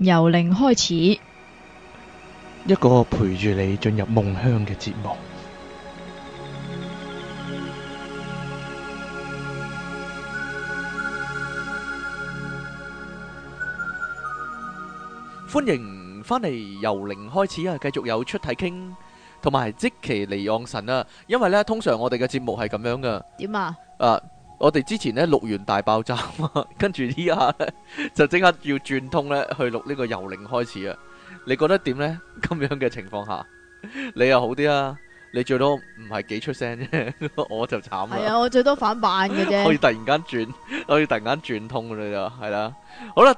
由零開始，一個陪住你進入夢鄉嘅節目。歡迎返嚟由零開始啊！繼續有出體傾，同埋即其離岸神啊！因為呢，通常我哋嘅節目係咁樣噶。點啊？啊！我哋之前咧錄完大爆炸嘛、啊，跟住依家咧就即刻要轉通咧去錄呢個由零開始啊！你覺得點咧？咁樣嘅情況下，你又好啲啦、啊。你最多唔係幾出聲啫，我就慘啦。係啊，我最多反版嘅啫。可以突然間轉，可以突然間轉通噶你就係啦。好啦，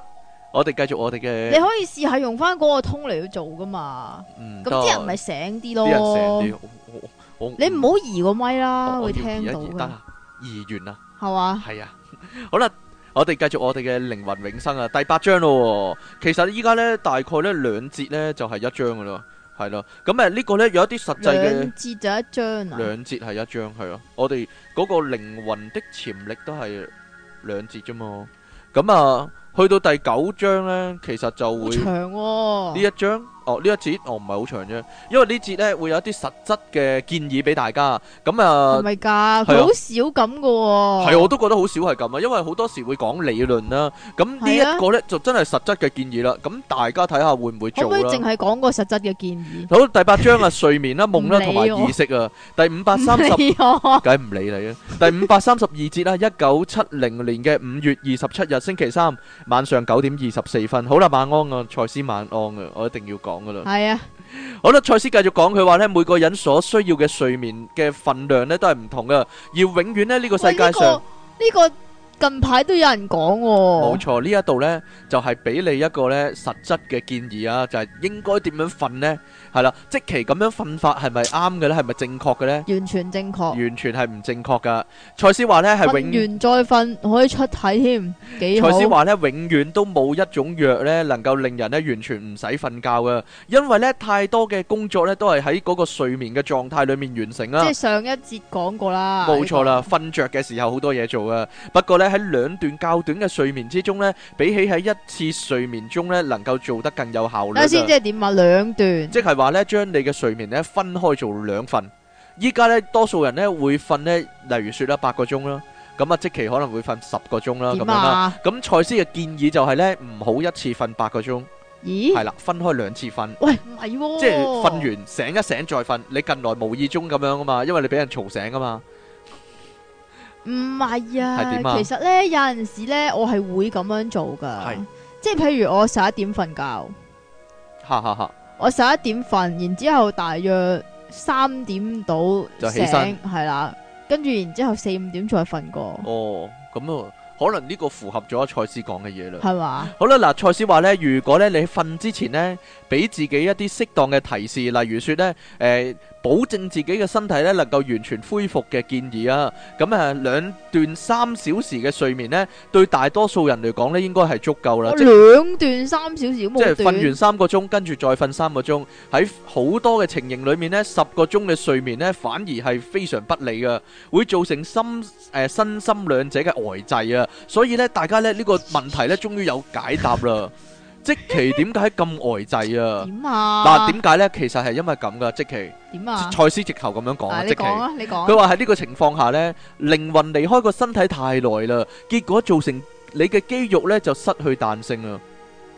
我哋繼續我哋嘅。你可以試下用翻嗰個通嚟去做噶嘛？嗯。咁啲人咪醒啲咯。啲人醒啲。我，我，我，你唔好移個咪啦，我，我移移，會聽到。得啊，移完啦。係嘛？係啊， 好啦，我哋繼續我哋嘅靈魂永生啊，第八章咯，哦。其實依家呢，大概呢兩節呢就係、是、一章噶咯，係咯。咁誒呢個呢，有一啲實際嘅兩節就一章啊，兩節係一章係咯。我哋嗰個靈魂的潛力都係兩節啫嘛。咁啊，去到第九章呢，其實就會長呢、哦、一章。哦，呢一節我唔係好長啫，因為呢節咧會有一啲實質嘅建議俾大家。咁啊，係咪噶？佢好少咁噶？係啊，我都覺得好少係咁啊，因為好多時會講理論啦。咁呢一個咧就真係實質嘅建議啦。咁大家睇下會唔會做啦？可唔可以淨係講個實質嘅建議？好，第八章啊，睡眠啦、夢啦同埋意識啊。第五百三十，梗唔理你啊。第五百三十二節啦，一九七零年嘅五月二十七日星期三晚上九點二十四分。好啦，晚安啊，蔡思晚安啊，我一定要講。係啊，好啦， 蔡司繼續講，佢話咧每個人所需要嘅睡眠嘅分量咧都係唔同噶，要永遠咧呢個世界上呢、這個這個近排都有人講、啊，冇錯呢一度咧就係、是、俾你一個咧實質嘅建議啊，就係、是、應該點樣瞓呢？係啦，即其咁樣瞓法係咪啱嘅咧？係咪正確嘅咧？完全正確。完全係唔正確噶。賽斯話咧係永遠再瞓可以出體添，幾好。賽斯話咧永遠都冇一種藥咧能夠令人咧完全唔使瞓覺噶，因為咧太多嘅工作咧都係喺嗰個睡眠嘅狀態裏面完成啦。即係上一節講過啦。冇錯啦，瞓着嘅時候好多嘢做噶。不過咧喺兩段較短嘅睡眠之中咧，比起喺一次睡眠中咧能夠做得更有效率啦。即係點啊？兩段，即係話。話咧，將你嘅睡眠咧分開做兩份。依家咧，多數人咧會瞓咧，例如說啦，八個鐘啦，咁啊，即期可能會瞓十個鐘啦，咁樣啦。咁賽斯嘅建議就係咧，唔好一次瞓八個鐘。咦？係啦，分開兩次瞓。喂，唔係，即係瞓完醒一醒再瞓。你近來無意中咁樣噶嘛，因為你俾人嘈醒噶嘛。唔係啊，係點啊？其實咧，有陣時咧，我係會咁樣做噶。係，即係譬如我十一點瞓覺。吓吓吓！我十一點瞓，然之後大約三點到就起身，係啦，跟住然之後四五點再瞓過。哦，咁啊，可能呢個符合咗賽斯講嘅嘢啦。係嘛吧？好啦，嗱，賽斯話咧，如果咧你瞓之前呢。俾自己一啲適當嘅提示，例如說咧，誒，保證自己嘅身體咧，能夠完全恢復嘅建議啊。咁啊，兩段三小時嘅睡眠咧，對大多數人嚟講咧，應該係足夠啦。兩段三小時冇，即係瞓完三個鐘，跟住再瞓三個鐘。喺好多嘅情形裏面咧，十個鐘嘅睡眠咧，反而係非常不利噶，會造成心誒身心兩者嘅呆滯啊。所以咧，大家咧，呢個問題咧，終於有解答啦。即其點解咁呆滯啊？點啊？點解呢？其實係因為咁噶，即其。點啊？賽斯直頭咁樣講啊，即其。你講啊，你講。佢話喺呢個情況下呢，靈魂離開個身體太耐啦，結果造成你嘅肌肉呢就失去彈性啦。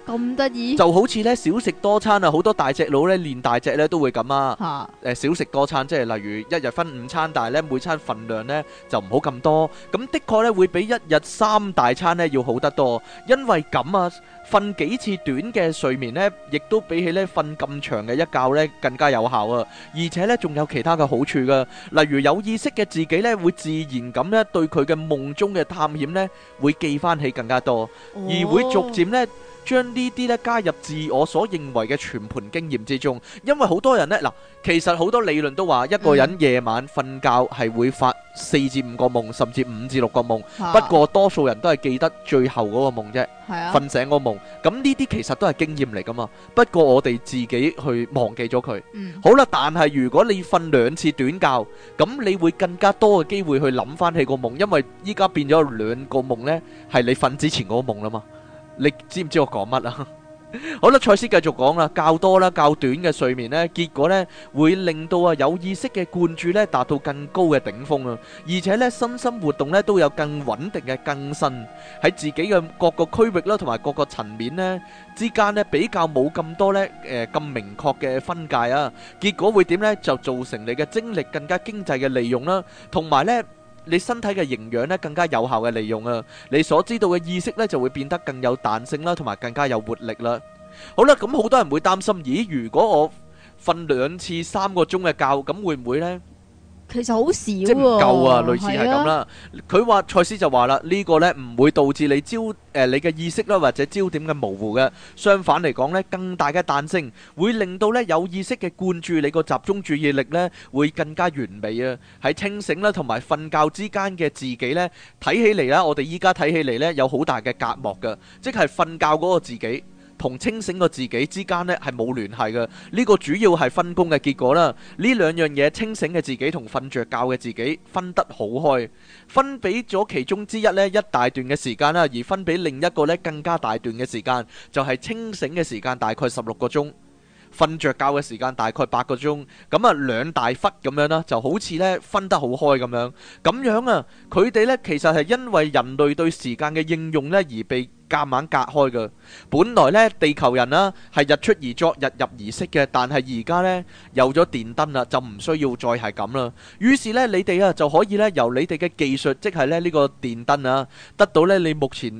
咁得意就好似咧，少食多餐啊，好多大隻佬咧，練大隻咧都會咁啊。吓誒，少食多餐即係例如一日分五餐，但係咧每餐份量咧就唔好咁多。咁的確咧會比一日三大餐咧要好得多，因為咁啊，瞓幾次短嘅睡眠咧，亦都比起咧瞓咁長嘅一覺咧更加有效啊。而且咧仲有其他嘅好處噶，例如有意識嘅自己咧會自然咁咧對佢嘅夢中嘅探險咧會記翻起更加多，而會逐漸咧。將呢啲咧加入自我所認為嘅全盤經驗之中，因為好多人咧嗱，其實好多理論都話一個人夜晚瞓覺係會發四至五個夢，甚至五至六個夢。不過多數人都係記得最後嗰個夢啫。係啊，瞓醒個夢。咁呢啲其實都係經驗嚟㗎嘛。不過我哋自己去忘記咗佢。嗯。好啦，但係如果你瞓兩次短覺，咁你會更加多嘅機會去諗翻起個夢，因為依家變咗兩個夢咧，係你瞓之前嗰個夢啦嘛。你知唔知我講乜啊？好啦，賽斯繼續講啦，較多啦，較短嘅睡眠咧，結果咧會令到啊有意識嘅灌注咧達到更高嘅頂峰啊，而且咧身心活動咧都有更穩定嘅更新喺自己嘅各個區域啦，同埋各個層面咧之間咧比較冇咁多咧誒咁明確嘅分界啊，結果會點咧，就造成你嘅精力更加經濟嘅利用啦，同埋咧。你身體嘅營養咧更加有效嘅利用啊！你所知道嘅意識咧就會變得更有彈性啦，同埋更加有活力啦。好啦，咁好多人會擔心，「咦？如果我瞓兩次三個鐘嘅覺，咁會唔會呢？」其實好少喎，即係唔夠啊！類似係咁啦。佢話賽斯就話啦，呢、呢個呢唔會導致你焦誒、呃、你嘅意識啦，或者焦點嘅模糊嘅。相反嚟講呢，更大嘅彈性會令到呢有意識嘅貫注，你個集中注意力呢會更加完美啊！喺清醒啦同埋瞓覺之間嘅自己呢，睇起嚟啦，我哋依家睇起嚟呢，有好大嘅隔膜㗎，即係瞓覺嗰個自己。同清醒嘅自己之間呢係冇聯繫嘅，呢個主要係分工嘅結果啦。呢兩樣嘢清醒嘅自己同瞓著覺嘅自己分得好開，分俾咗其中之一呢一大段嘅時間啦，而分俾另一個呢更加大段嘅時間，就係清醒嘅時間，大概十六個鐘。瞓著覺嘅時間大概八個鐘，咁啊兩大忽咁樣啦，就好似咧分得好開咁樣。咁樣啊，佢哋咧其實係因為人類對時間嘅應用咧而被夾硬隔開嘅。本來咧地球人啦係日出而作，日入而息嘅，但係而家咧有咗電燈啦，就唔需要再係咁啦。於是咧你哋啊就可以咧由你哋嘅技術，即係咧呢個電燈啊，得到咧你目前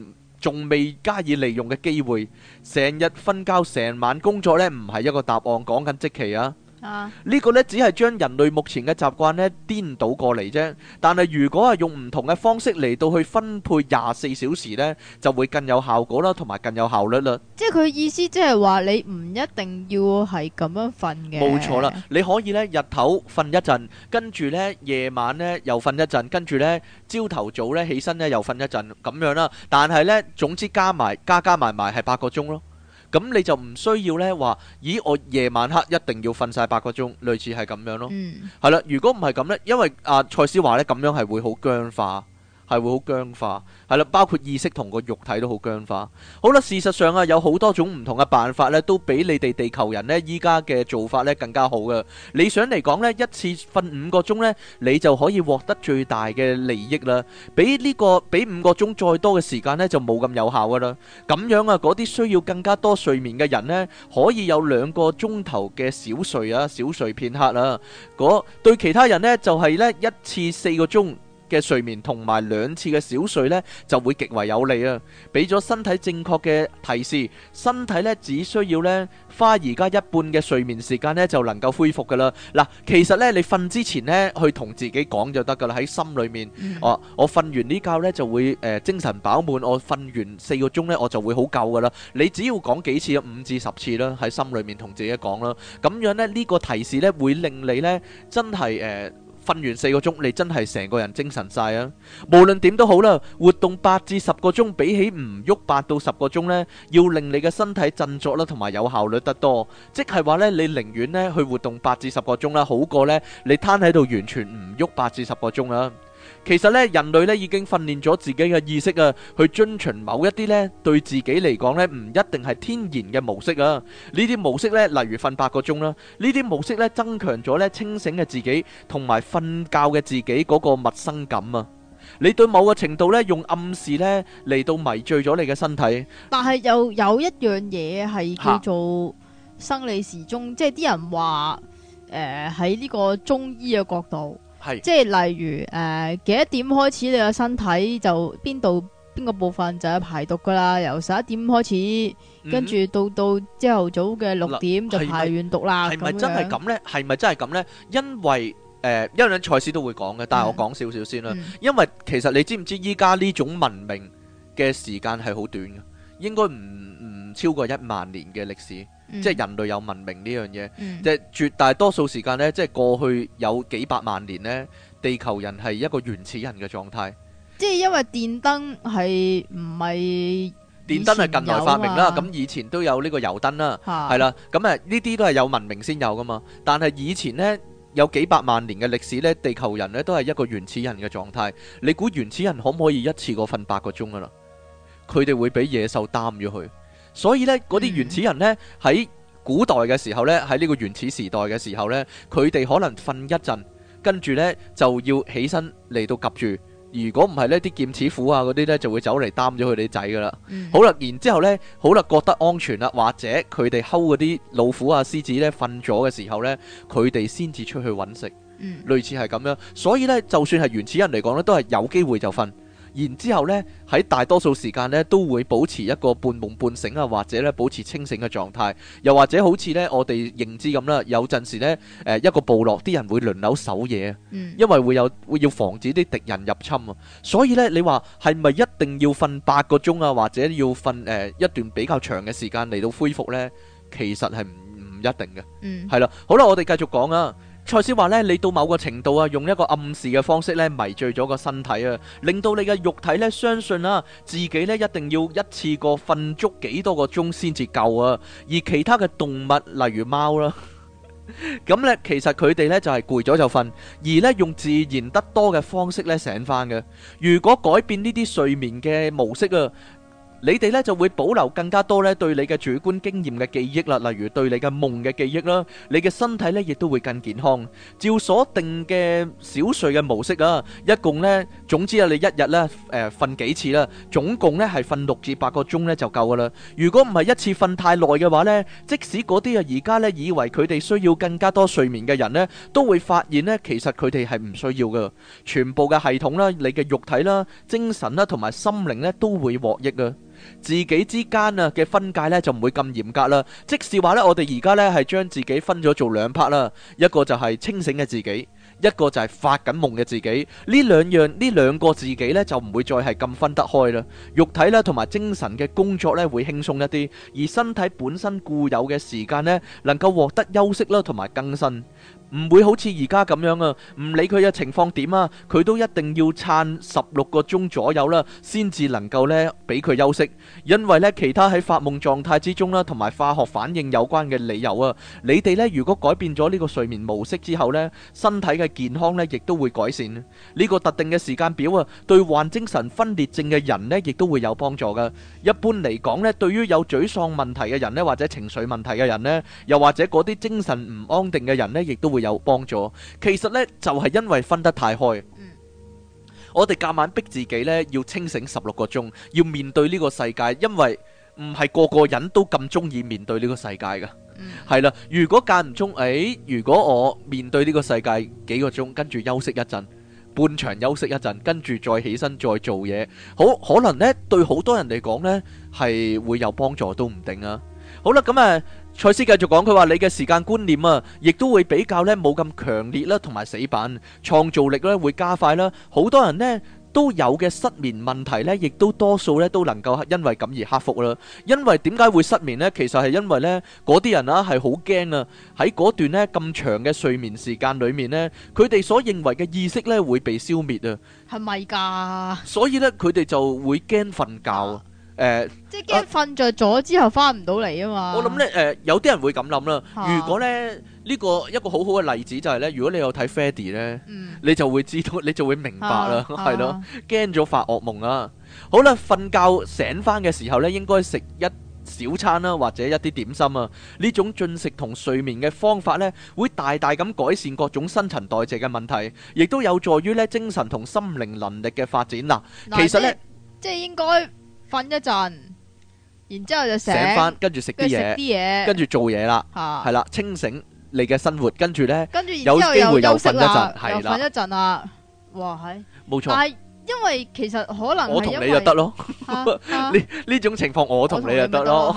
仲未加以利用嘅機會，成日瞓覺，成晚工作呢，唔係一個答案。講緊即期啊！啊！呢個呢只係將人類目前嘅習慣呢顛倒過嚟啫。但係如果係用唔同嘅方式嚟，到去分配廿四小時呢，就會更有效果啦，同埋更有效率啦。即係佢意思，即係話你唔一定要係咁樣瞓嘅。冇錯啦，你可以呢日頭瞓一陣，跟住呢夜晚呢又瞓一陣，跟住呢朝頭早呢起身呢又瞓一陣咁樣啦。但係呢，總之加埋加加埋埋係八個鐘咯。咁你就唔需要咧話，咦我夜晚黑一定要瞓晒八個鐘，類似係咁樣咯。係啦， 如果唔係咁咧，因為阿、啊、賽斯話咧，咁樣係會好僵化。係會好僵化。係啦，包括意識同個肉體都好僵化。好啦，事實上啊，有好多種唔同嘅辦法咧，都比你哋地球人呢依家嘅做法咧更加好噶。理想嚟講呢，一次瞓五個鐘呢，你就可以獲得最大嘅利益啦。比呢個比五個鐘再多嘅時間呢，就冇咁有效噶啦。咁樣啊，嗰啲需要更加多睡眠嘅人呢，可以有兩個鐘頭嘅小睡啊，小睡片刻啊。嗰對其他人呢，就係呢一次四個鐘。嘅睡眠同埋兩次嘅小睡呢，就會極為有利啊！俾咗身體正確嘅提示，身體呢只需要呢花而家一半嘅睡眠時間呢，就能夠恢復噶啦。嗱，其實呢，你瞓之前呢，去同自己講就得噶啦，喺心裏面，嗯啊、我我瞓完呢覺呢，就會誒、呃、精神飽滿，我瞓完四個鐘呢，我就會好夠噶啦。你只要講幾次，五至十次啦，喺心裏面同自己講啦，咁樣呢，呢、這個提示呢，會令你呢，真係誒。呃瞓完四個鐘，你真係成個人精神晒啊！無論點都好啦，活動八至十個鐘，比起唔喐八到十個鐘呢，要令你嘅身體振作啦，同埋有效率得多。即係話呢，你寧願呢去活動八至十個鐘啦，好過呢，你攤喺度完全唔喐八至十個鐘啦。其實咧，人類咧已經訓練咗自己嘅意識啊，去遵循某一啲咧對自己嚟講咧唔一定係天然嘅模式啊。呢啲模式咧，例如瞓八個鐘啦，呢啲模式咧增強咗咧清醒嘅自己同埋瞓覺嘅自己嗰個陌生感啊。你對某個程度咧用暗示咧嚟到迷醉咗你嘅身體，但係又有一樣嘢係叫做生理時鐘，哈即係啲人話誒喺呢個中醫嘅角度。係，是即係例如誒、呃、幾多點，點開始，你個身體就邊度邊個部分就有排毒噶啦？由十一點開始，跟住到到朝頭早嘅六點就排完毒啦。係咪樣真係咁呢？係咪真係咁呢？因為誒、呃，一兩賽事都會講嘅，但係我講少少先啦。 因為其實你知唔知依家呢種文明嘅時間係好短嘅，應該唔唔超過一萬年嘅歷史。即係人類有文明呢樣嘢，嗯、即係絕大多數時間呢，即係過去有幾百萬年呢，地球人係一個原始人嘅狀態。即係因為電燈係唔係？電燈係近代發明啦，咁以前都有呢個油燈啦，係、啊、啦，咁誒呢啲都係有文明先有噶嘛。但係以前呢，有幾百萬年嘅歷史呢，地球人呢都係一個原始人嘅狀態。你估原始人可唔可以一次過瞓八個鐘噶啦？佢哋會俾野獸擔住佢。所以咧，嗰啲原始人呢，喺古代嘅時候呢，喺呢個原始時代嘅時候呢，佢哋可能瞓一陣，跟住呢，就要起身嚟到 𥄫 住。如果唔係呢啲劍齒虎啊嗰啲呢，就會走嚟擔咗佢哋仔噶啦。 好啦，然之後呢，好啦，覺得安全啦，或者佢哋睇嗰啲老虎啊、獅子呢瞓咗嘅時候呢，佢哋先至出去揾食。 類似係咁樣，所以呢，就算係原始人嚟講呢，都係有機會就瞓。然之後呢，喺大多數時間呢，都會保持一個半夢半醒啊，或者咧保持清醒嘅狀態，又或者好似呢，我哋認知咁啦，有陣時呢，誒、呃、一個部落啲人會輪流守夜，因為會有會要防止啲敵人入侵啊。所以呢，你話係咪一定要瞓八個鐘啊，或者要瞓誒、呃、一段比較長嘅時間嚟到恢復呢？其實係唔唔一定嘅，係啦、嗯。好啦，我哋繼續講啊。賽斯話咧，你到某個程度啊，用一個暗示嘅方式咧，迷醉咗個身體啊，令到你嘅肉體咧，相信啦，自己咧一定要一次過瞓足幾多個鐘先至夠啊。而其他嘅動物，例如貓啦，咁咧，其實佢哋咧就係攰咗就瞓，而咧用自然得多嘅方式咧醒返㗎。如果改變呢啲睡眠嘅模式啊。你自己之間啊嘅分界咧就唔會咁嚴格啦，即使話呢，我哋而家呢係將自己分咗做兩 part 啦，一個就係清醒嘅自己，一個就係發緊夢嘅自己。呢兩樣呢兩個自己呢，就唔會再係咁分得開啦，肉體啦同埋精神嘅工作呢，會輕鬆一啲，而身體本身固有嘅時間呢，能夠獲得休息啦同埋更新。唔會好似而家咁樣啊！唔理佢嘅情況點啊，佢都一定要撐十六個鐘左右啦，先至能夠呢俾佢休息。因為呢，其他喺發夢狀態之中啦，同埋化學反應有關嘅理由啊。你哋呢如果改變咗呢個睡眠模式之後呢，身體嘅健康呢亦都會改善。呢個特定嘅時間表啊，對患精神分裂症嘅人呢，亦都會有幫助噶。一般嚟講呢，對於有沮喪問題嘅人呢，或者情緒問題嘅人呢，又或者嗰啲精神唔安定嘅人呢，亦都會。有幫助，其實呢就係、是、因為分得太開。嗯、我哋夾硬逼自己呢，要清醒十六個鐘，要面對呢個世界，因為唔係個個人都咁中意面對呢個世界㗎。嗯，係啦，如果間唔中，誒、哎，如果我面對呢個世界幾個鐘，跟住休息一陣，半場休息一陣，跟住再起身再做嘢，好可能呢對好多人嚟講呢，係會有幫助都唔定啊。好啦，咁啊。蔡司繼續講，佢話你嘅時間觀念呢，亦都會比較呢冇咁強烈同埋死板，創造力會加快，好多人呢都有嘅失眠問題呢，亦都多數都能夠因為咁而克服啦，因為點解會失眠呢?其實係因為呢,嗰啲人係好驚呢,喺嗰段呢咁長嘅睡眠時間裡面呢,佢哋所認為嘅意識會被消滅啊。係咪㗎?所以呢佢哋就會驚瞓覺。誒，即係驚瞓着咗之後翻唔到嚟啊嘛！我諗咧，誒，有啲人會咁諗啦。如果咧呢個一個好好嘅例子就係咧，如果你有睇 Freddy 咧，你就會知道，你就會明白啦，係咯，驚咗發惡夢啊！好啦，瞓覺醒翻嘅時候咧，應該食一小餐啦，或者一啲點心啊。呢種進食同睡眠嘅方法咧，會大大咁改善各種新陳代謝嘅問題，亦都有助於咧精神同心靈能力嘅發展啦。其實咧，即係應該。瞓一陣，然之後就醒翻，跟住食啲嘢，跟住做嘢啦，係啦，清醒你嘅生活，跟住咧，跟住有機會又瞓一陣，係啦，瞓一陣啊，哇係，冇錯。但係因為其實可能我同你就得咯，呢呢種情況我同你就得咯，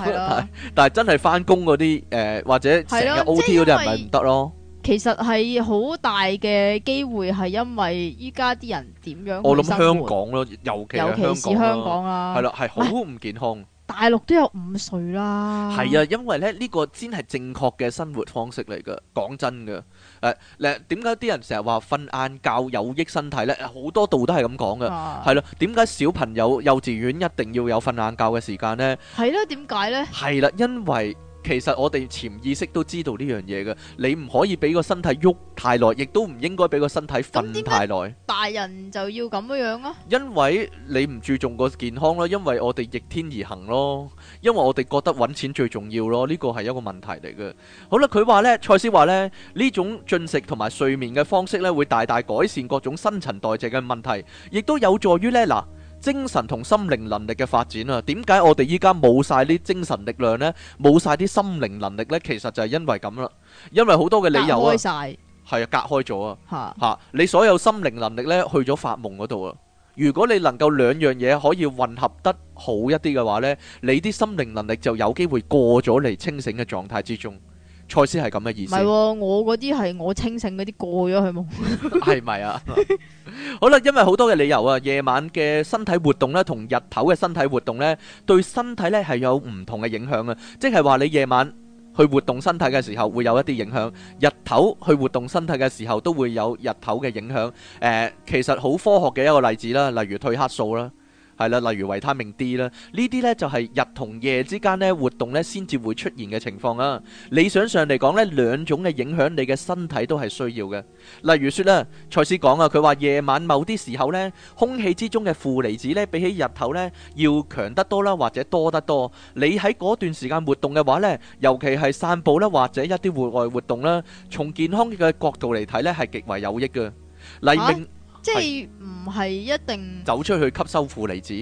但係真係翻工嗰啲誒或者成日 OT 嗰啲人咪唔得咯。其實係好大嘅機會，係因為依家啲人點樣？我諗香港咯，尤其尤其是香港啊，係啦，係好唔健康。大陸都有五歲啦。係啊，因為咧呢個先係正確嘅生活方式嚟噶。講真噶，誒，嗱，點解啲人成日話瞓晏覺有益身體呢？好多度都係咁講噶，係咯。點解小朋友幼稚園一定要有瞓晏覺嘅時間呢？係咯，點解呢？係啦，因為。其實我哋潛意識都知道呢樣嘢嘅，你唔可以俾個身體喐太耐，亦都唔應該俾個身體瞓太耐。大人就要咁樣樣、啊、咯。因為你唔注重個健康咯，因為我哋逆天而行咯，因為我哋覺得揾錢最重要咯，呢個係一個問題嚟嘅。好啦，佢話呢，賽斯話呢，呢種進食同埋睡眠嘅方式呢，會大大改善各種新陳代謝嘅問題，亦都有助於呢。嗱。精神同心靈能力嘅發展啊，點解我哋依家冇晒呢精神力量呢？冇晒啲心靈能力呢？其實就係因為咁啦，因為好多嘅理由啊，隔開晒，係啊，隔開咗啊，吓的，你所有心靈能力呢，去咗發夢嗰度啊。如果你能夠兩樣嘢可以混合得好一啲嘅話呢，你啲心靈能力就有機會過咗嚟清醒嘅狀態之中。蔡司係咁嘅意思，唔係喎，我嗰啲係我清醒嗰啲過咗去夢，係咪啊？好啦，因為好多嘅理由啊，夜晚嘅身體活動咧，同日頭嘅身體活動咧，對身體咧係有唔同嘅影響啊，即係話你夜晚去活動身體嘅時候會有一啲影響，日頭去活動身體嘅時候都會有日頭嘅影響。誒，其實好科學嘅一個例子啦，例如褪黑素啦。係啦，例如維他命 D 啦，呢啲咧就係日同夜之間咧活動咧先至會出現嘅情況啊。理想上嚟講咧，兩種嘅影響你嘅身體都係需要嘅。例如說啦，賽斯講啊，佢話夜晚某啲時候咧，空氣之中嘅負離子咧，比起日頭咧要強得多啦，或者多得多。你喺嗰段時間活動嘅話咧，尤其係散步啦，或者一啲戶外活動啦，從健康嘅角度嚟睇咧，係極為有益嘅。黎明。即係唔係一定走出去吸收負離子。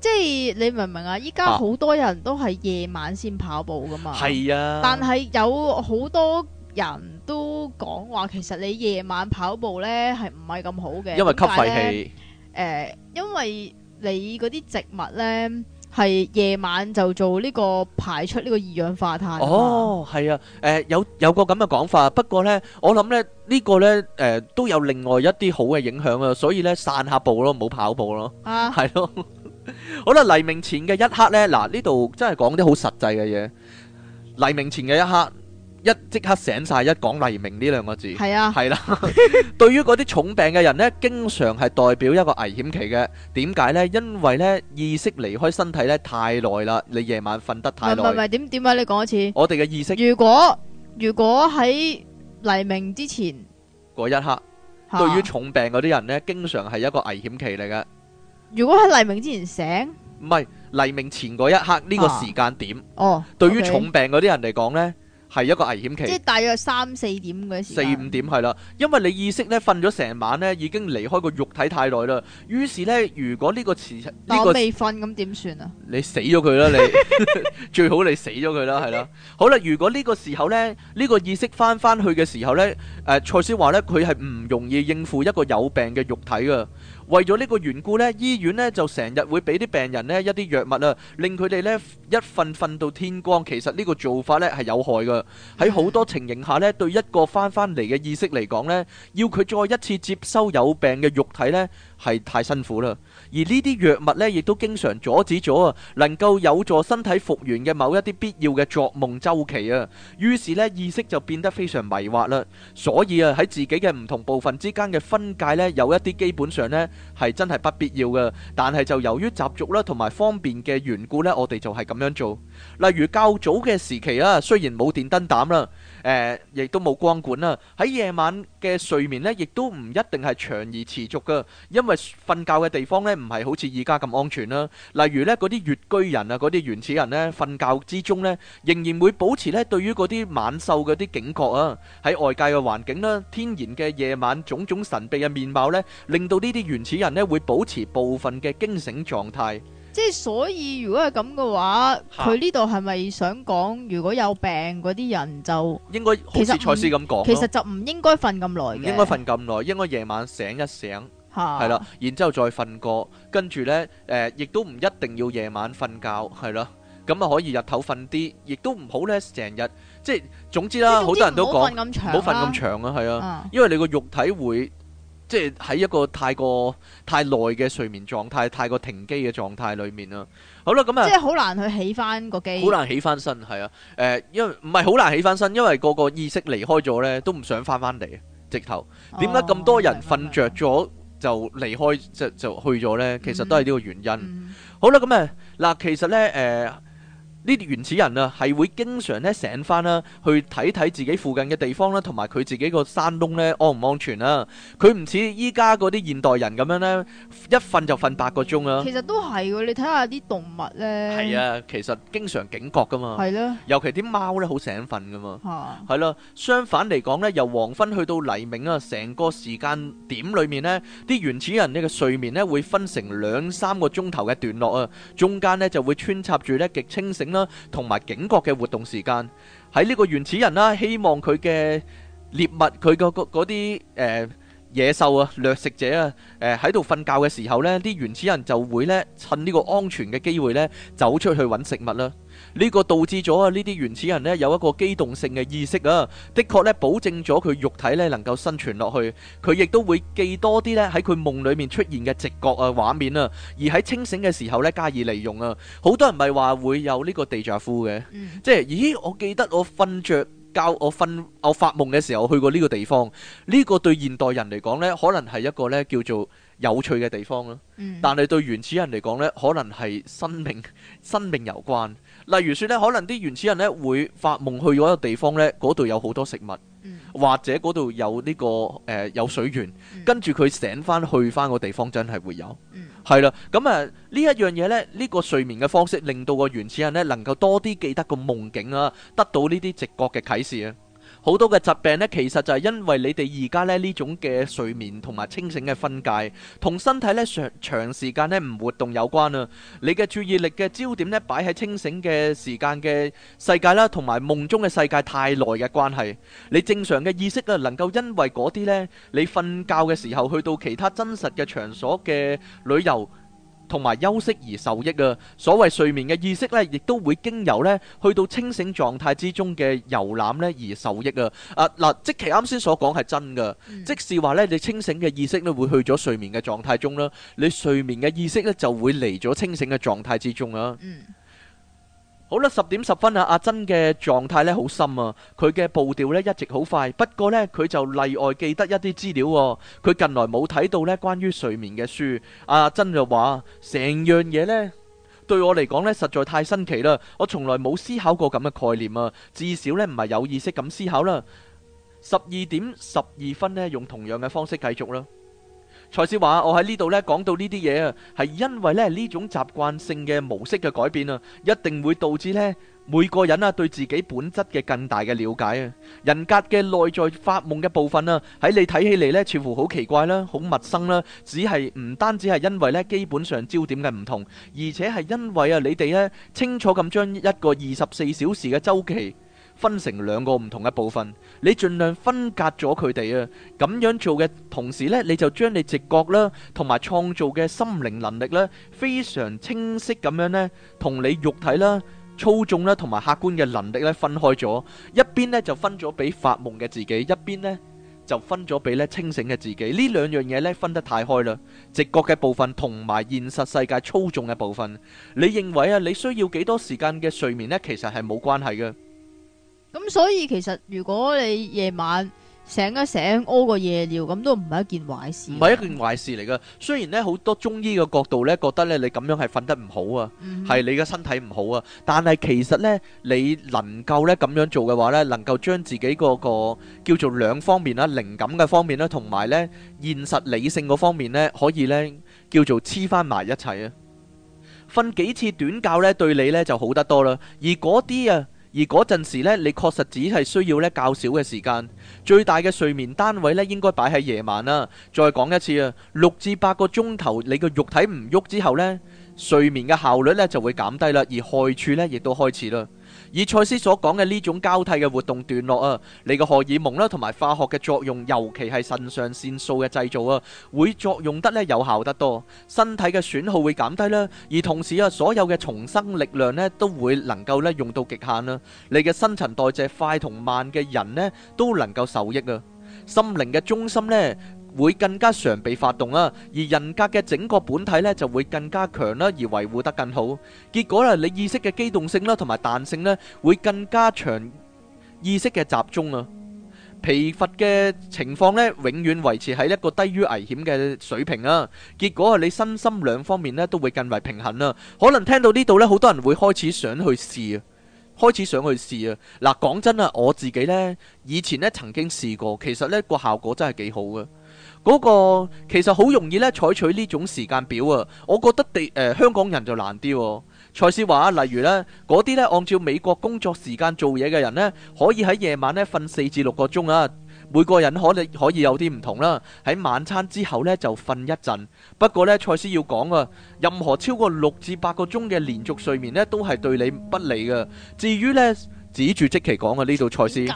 即係你明唔明啊？依家好多人都係夜晚先跑步噶嘛。係啊。但係有好多人都講話，其實你夜晚跑步呢係唔係咁好嘅。因為吸廢氣、呃。因為你嗰啲植物呢。係夜晚就做呢個排出呢個二氧化碳。哦，係啊，誒、呃、有有個咁嘅講法，不過呢，我諗咧呢、呢個呢誒、呃、都有另外一啲好嘅影響啊，所以呢，散下步咯，唔好跑步咯，係咯、啊。是啊、 好啦，黎明前嘅一刻呢，嗱，呢度真係講啲好實際嘅嘢。黎明前嘅一刻。一即刻醒晒，一講黎明呢兩個字係是啊了，係啦。對於嗰啲重病嘅人呢，經常係代表一個危險期嘅。點解呢？因為咧意識離開身體咧太耐啦，你夜晚瞓得太耐。唔唔唔，點點解啊？你講一次。我哋嘅意識。如果如果喺黎明之前嗰一刻，啊、對於重病嗰啲人呢，經常係一個危險期嚟嘅。如果喺黎明之前醒，唔係黎明前嗰一刻呢個時間點。哦、啊。Oh, okay. 對於重病嗰啲人嚟講呢。係一個危險期，即係大約三四點嗰時，四五點係啦，因為你意識咧瞓咗成晚咧，已經離開個肉體太耐啦。於是咧，如果呢個時，呢、但我未瞓咁點算啊？你死咗佢啦！你 最好你死咗佢啦，係啦。 好啦，如果呢個時候咧，呢、呢個意識返返去嘅時候咧，誒、呃、賽斯話咧佢係唔容易應付一個有病嘅肉體嘅。為咗呢個緣故咧，醫院咧就成日會俾啲病人咧一啲藥物啊，令佢哋咧一瞓瞓到天光。其實呢個做法咧係有害噶。喺好多情形下咧，對一個返返嚟嘅意識嚟講咧，要佢再一次接收有病嘅肉體咧，係太辛苦啦。而呢啲藥物呢，亦都經常阻止咗啊，能夠有助身體復原嘅某一啲必要嘅作夢周期啊。於是呢，意識就變得非常迷惑啦。所以啊，喺自己嘅唔同部分之間嘅分界呢，有一啲基本上呢係真係不必要嘅。但係就由於習俗啦同埋方便嘅緣故呢，我哋就係咁樣做。例如較早嘅時期啊，雖然冇電燈膽啦。誒，亦都冇光管啦。喺夜晚嘅睡眠咧，亦都唔一定係長而持續噶，因為瞓覺嘅地方咧，唔係好似而家咁安全啦。例如咧，嗰啲穴居人啊，嗰啲原始人咧，瞓覺之中咧，仍然會保持咧對於嗰啲猛獸嘅啲警覺啊。喺外界嘅環境啦，天然嘅夜晚種種神秘嘅面貌咧，令到呢啲原始人咧會保持部分嘅驚醒狀態。即係所以，如果係咁嘅話，佢呢度係咪想講，如果有病嗰啲人就應該好似蔡師咁講，其實就唔應該瞓咁耐嘅。應該瞓咁耐，應該夜晚醒一醒，係啦、啊，然之後再瞓過，跟住咧誒，亦都唔一定要夜晚瞓覺，係咯，咁啊可以日頭瞓啲，亦都唔好咧成日，即係總之啦、啊，好種多人都講唔好瞓咁長，唔好瞓咁長啊，係啊，啊因為你個肉體會。即係喺一個太過太耐嘅睡眠狀態，太過停機嘅狀態裏面啦。好啦，咁啊，即係好難去起翻個機，好難起翻身，係啊。誒、呃，因為唔係好難起翻身，因為個個意識離開咗咧，都唔想翻翻嚟，直頭。點解咁多人瞓着咗就離開，即就，就去咗咧？其實都係呢個原因。Mm hmm. 好啦，咁啊，嗱，其實咧，誒、呃。呢啲原始人啊，係會經常咧醒翻啦，去睇睇自己附近嘅地方啦，同埋佢自己個山窿咧安唔安全啊，佢唔似依家嗰啲現代人咁樣咧，一瞓就瞓八個鐘啊、嗯。其實都係喎，你睇下啲動物咧。係啊，其實經常警覺噶嘛。係啦的，尤其啲貓咧好醒瞓噶嘛。係啦、啊，相反嚟講咧，由黃昏去到黎明啊，成個時間點裏面咧，啲原始人呢個睡眠咧會分成兩三個鐘頭嘅段落啊，中間咧就會穿插住咧極清醒。同埋警覺嘅活動時間喺呢個原始人啦，希望佢嘅獵物佢個嗰啲誒野獸啊掠食者啊誒喺度瞓覺嘅時候呢，啲原始人就會呢，趁呢個安全嘅機會呢，走出去揾食物啦。呢個導致咗啊，呢啲原始人咧有一個機動性嘅意識啊，的確咧保證咗佢肉體咧能夠生存落去。佢亦都會記多啲咧喺佢夢裏面出現嘅直覺啊畫面啊，而喺清醒嘅時候咧加以利用啊。好多人咪話會有呢個 déjà vu 嘅，即係咦，我記得我瞓着。教我瞓，我發夢嘅時候，去過呢個地方。呢個對現代人嚟講呢，可能係一個咧叫做有趣嘅地方咯。但係對原始人嚟講呢，可能係生命，生命有關。例如說呢，可能啲原始人咧會發夢去嗰個地方呢，嗰度有好多食物，嗯、或者嗰度有呢個誒、呃、有水源，跟住佢醒翻去翻個地方，真係會有。係啦，咁啊呢一樣嘢呢，呢個睡眠嘅方式令到個原始人呢，能夠多啲記得個夢境啊，得到呢啲直覺嘅啟示啊。好多嘅疾病呢，其實就係因為你哋而家咧呢種嘅睡眠同埋清醒嘅分界，同身體呢長長時間呢唔活動有關啊！你嘅注意力嘅焦點呢，擺喺清醒嘅時間嘅世界啦，同埋夢中嘅世界太耐嘅關係，你正常嘅意識啊能夠因為嗰啲呢，你瞓覺嘅時候去到其他真實嘅場所嘅旅遊，同埋休息而受益啊！所謂睡眠嘅意識呢，亦都會經由呢去到清醒狀態之中嘅遊覽呢而受益啊！啊嗱，即其啱先所講係真㗎，即是話、嗯、呢，你清醒嘅意識呢會去咗睡眠嘅狀態中啦，你睡眠嘅意識呢就會嚟咗清醒嘅狀態之中啊！嗯好啦，十點十分啊，阿珍嘅狀態呢好深啊，佢嘅步調呢一直好快，不過呢，佢就例外記得一啲資料，佢近來冇睇到呢關於睡眠嘅書。阿珍就話成樣嘢呢對我嚟講呢實在太新奇啦，我從來冇思考過咁嘅概念啊，至少呢唔係有意識咁思考啦。十二點十二分呢，用同樣嘅方式繼續啦。賽斯話：我喺呢度咧講到呢啲嘢啊，係因為咧呢種習慣性嘅模式嘅改變啊，一定會導致呢，每個人啊對自己本質嘅更大嘅了解啊。人格嘅內在發夢嘅部分啦、啊，喺你睇起嚟呢似乎好奇怪啦，好陌生啦、啊，只係唔單止係因為呢基本上焦點嘅唔同，而且係因為啊你哋呢清楚咁將一個二十四小時嘅週期，分成兩個唔同嘅部分，你盡量分隔咗佢哋啊！咁樣做嘅同時呢，你就將你直覺啦，同埋創造嘅心靈能力呢，非常清晰咁樣呢，同你肉體啦、操縱啦，同埋客觀嘅能力咧分開咗。一邊呢就分咗俾發夢嘅自己，一邊呢就分咗俾咧清醒嘅自己。呢兩樣嘢呢分得太開啦，直覺嘅部分同埋現實世界操縱嘅部分，你認為啊，你需要幾多時間嘅睡眠呢？其實係冇關係嘅。咁所以其實如果你夜晚醒一醒屙個夜尿，咁都唔係一件壞事。唔係一件壞事嚟噶，雖然咧好多中醫嘅角度咧覺得咧你咁樣係瞓得唔好啊，係你嘅身體唔好啊。但係其實咧你能夠咧咁樣做嘅話咧，能夠將自己嗰個叫做兩方面啦，靈感嘅方面啦，同埋咧現實理性嗰方面咧，可以咧叫做黐翻埋一齊啊。瞓幾次短覺咧，對你咧就好得多啦。而嗰啲啊。而嗰陣時咧，你確實只係需要咧較少嘅時間。最大嘅睡眠單位咧，應該擺喺夜晚啦。再講一次啊，六至八個鐘頭，你個肉體唔喐之後呢，睡眠嘅效率咧就會減低啦，而害處咧亦都開始啦。以蔡斯所講的這種交替的活動段落啊，你的荷爾蒙和化學的作用，尤其是腎上腺素的製造啊，會作用得有效得多，身體的損耗會減低啦，而同時所有的重生力量都會能夠用到極限啦，你的新陳代謝快同慢的人都能夠受益啊，心靈的中心呢會更加常被發動啊，而人格嘅整個本體呢就會更加強啦，而維護得更好。結果啦，你意識嘅機動性啦，同埋彈性呢會更加強，意識嘅集中啊，疲乏嘅情況呢永遠維持喺一個低於危險嘅水平啊。結果啊，你身心兩方面呢都會更為平衡啊。可能聽到呢度呢，好多人會開始想去試啊，開始想去試啊。嗱，講真啊，我自己呢，以前呢曾經試過，其實呢個效果真係幾好嘅。嗰、那個其實好容易咧，採取呢種時間表啊。我覺得地誒、呃、香港人就難啲啊。蔡思話啊，例如呢，嗰啲咧，按照美國工作時間做嘢嘅人呢，可以喺夜晚咧瞓四至六個鐘啊。每個人可能可以有啲唔同啦啊。喺晚餐之後呢，就瞓一陣。不過呢，蔡思要講啊，任何超過六至八個鐘嘅連續睡眠呢，都係對你不利嘅。至於呢，指住即期講嘅呢度賽斯，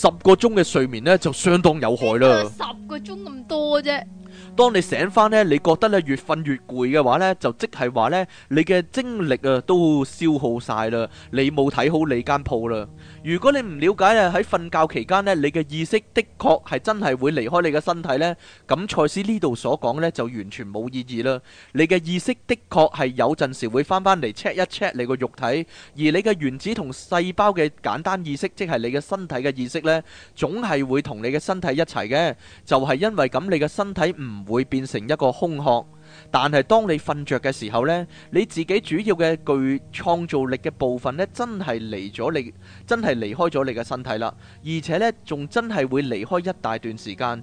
十個鐘嘅睡眠咧就相當有害啦。十個鐘咁多啫。當你醒翻呢，你覺得咧越瞓越攰嘅話呢，就即係話呢，你嘅精力啊都消耗晒啦，你冇睇好你間鋪啦。如果你唔了解啊喺瞓覺期間呢，你嘅意識的確係真係會離開你嘅身體呢，咁賽斯呢度所講呢，就完全冇意義啦。你嘅意識的確係有陣時會翻返嚟 check 一 check 你個肉體，而你嘅原子同細胞嘅簡單意識，即係你嘅身體嘅意識呢，總係會同你嘅身體一齊嘅，就係因為咁你嘅身體唔。唔會變成一個空殼，但係當你瞓着嘅時候呢，你自己主要嘅具創造力嘅部分呢，真係離咗你，真係離開咗你嘅身體啦，而且呢，仲真係會離開一大段時間。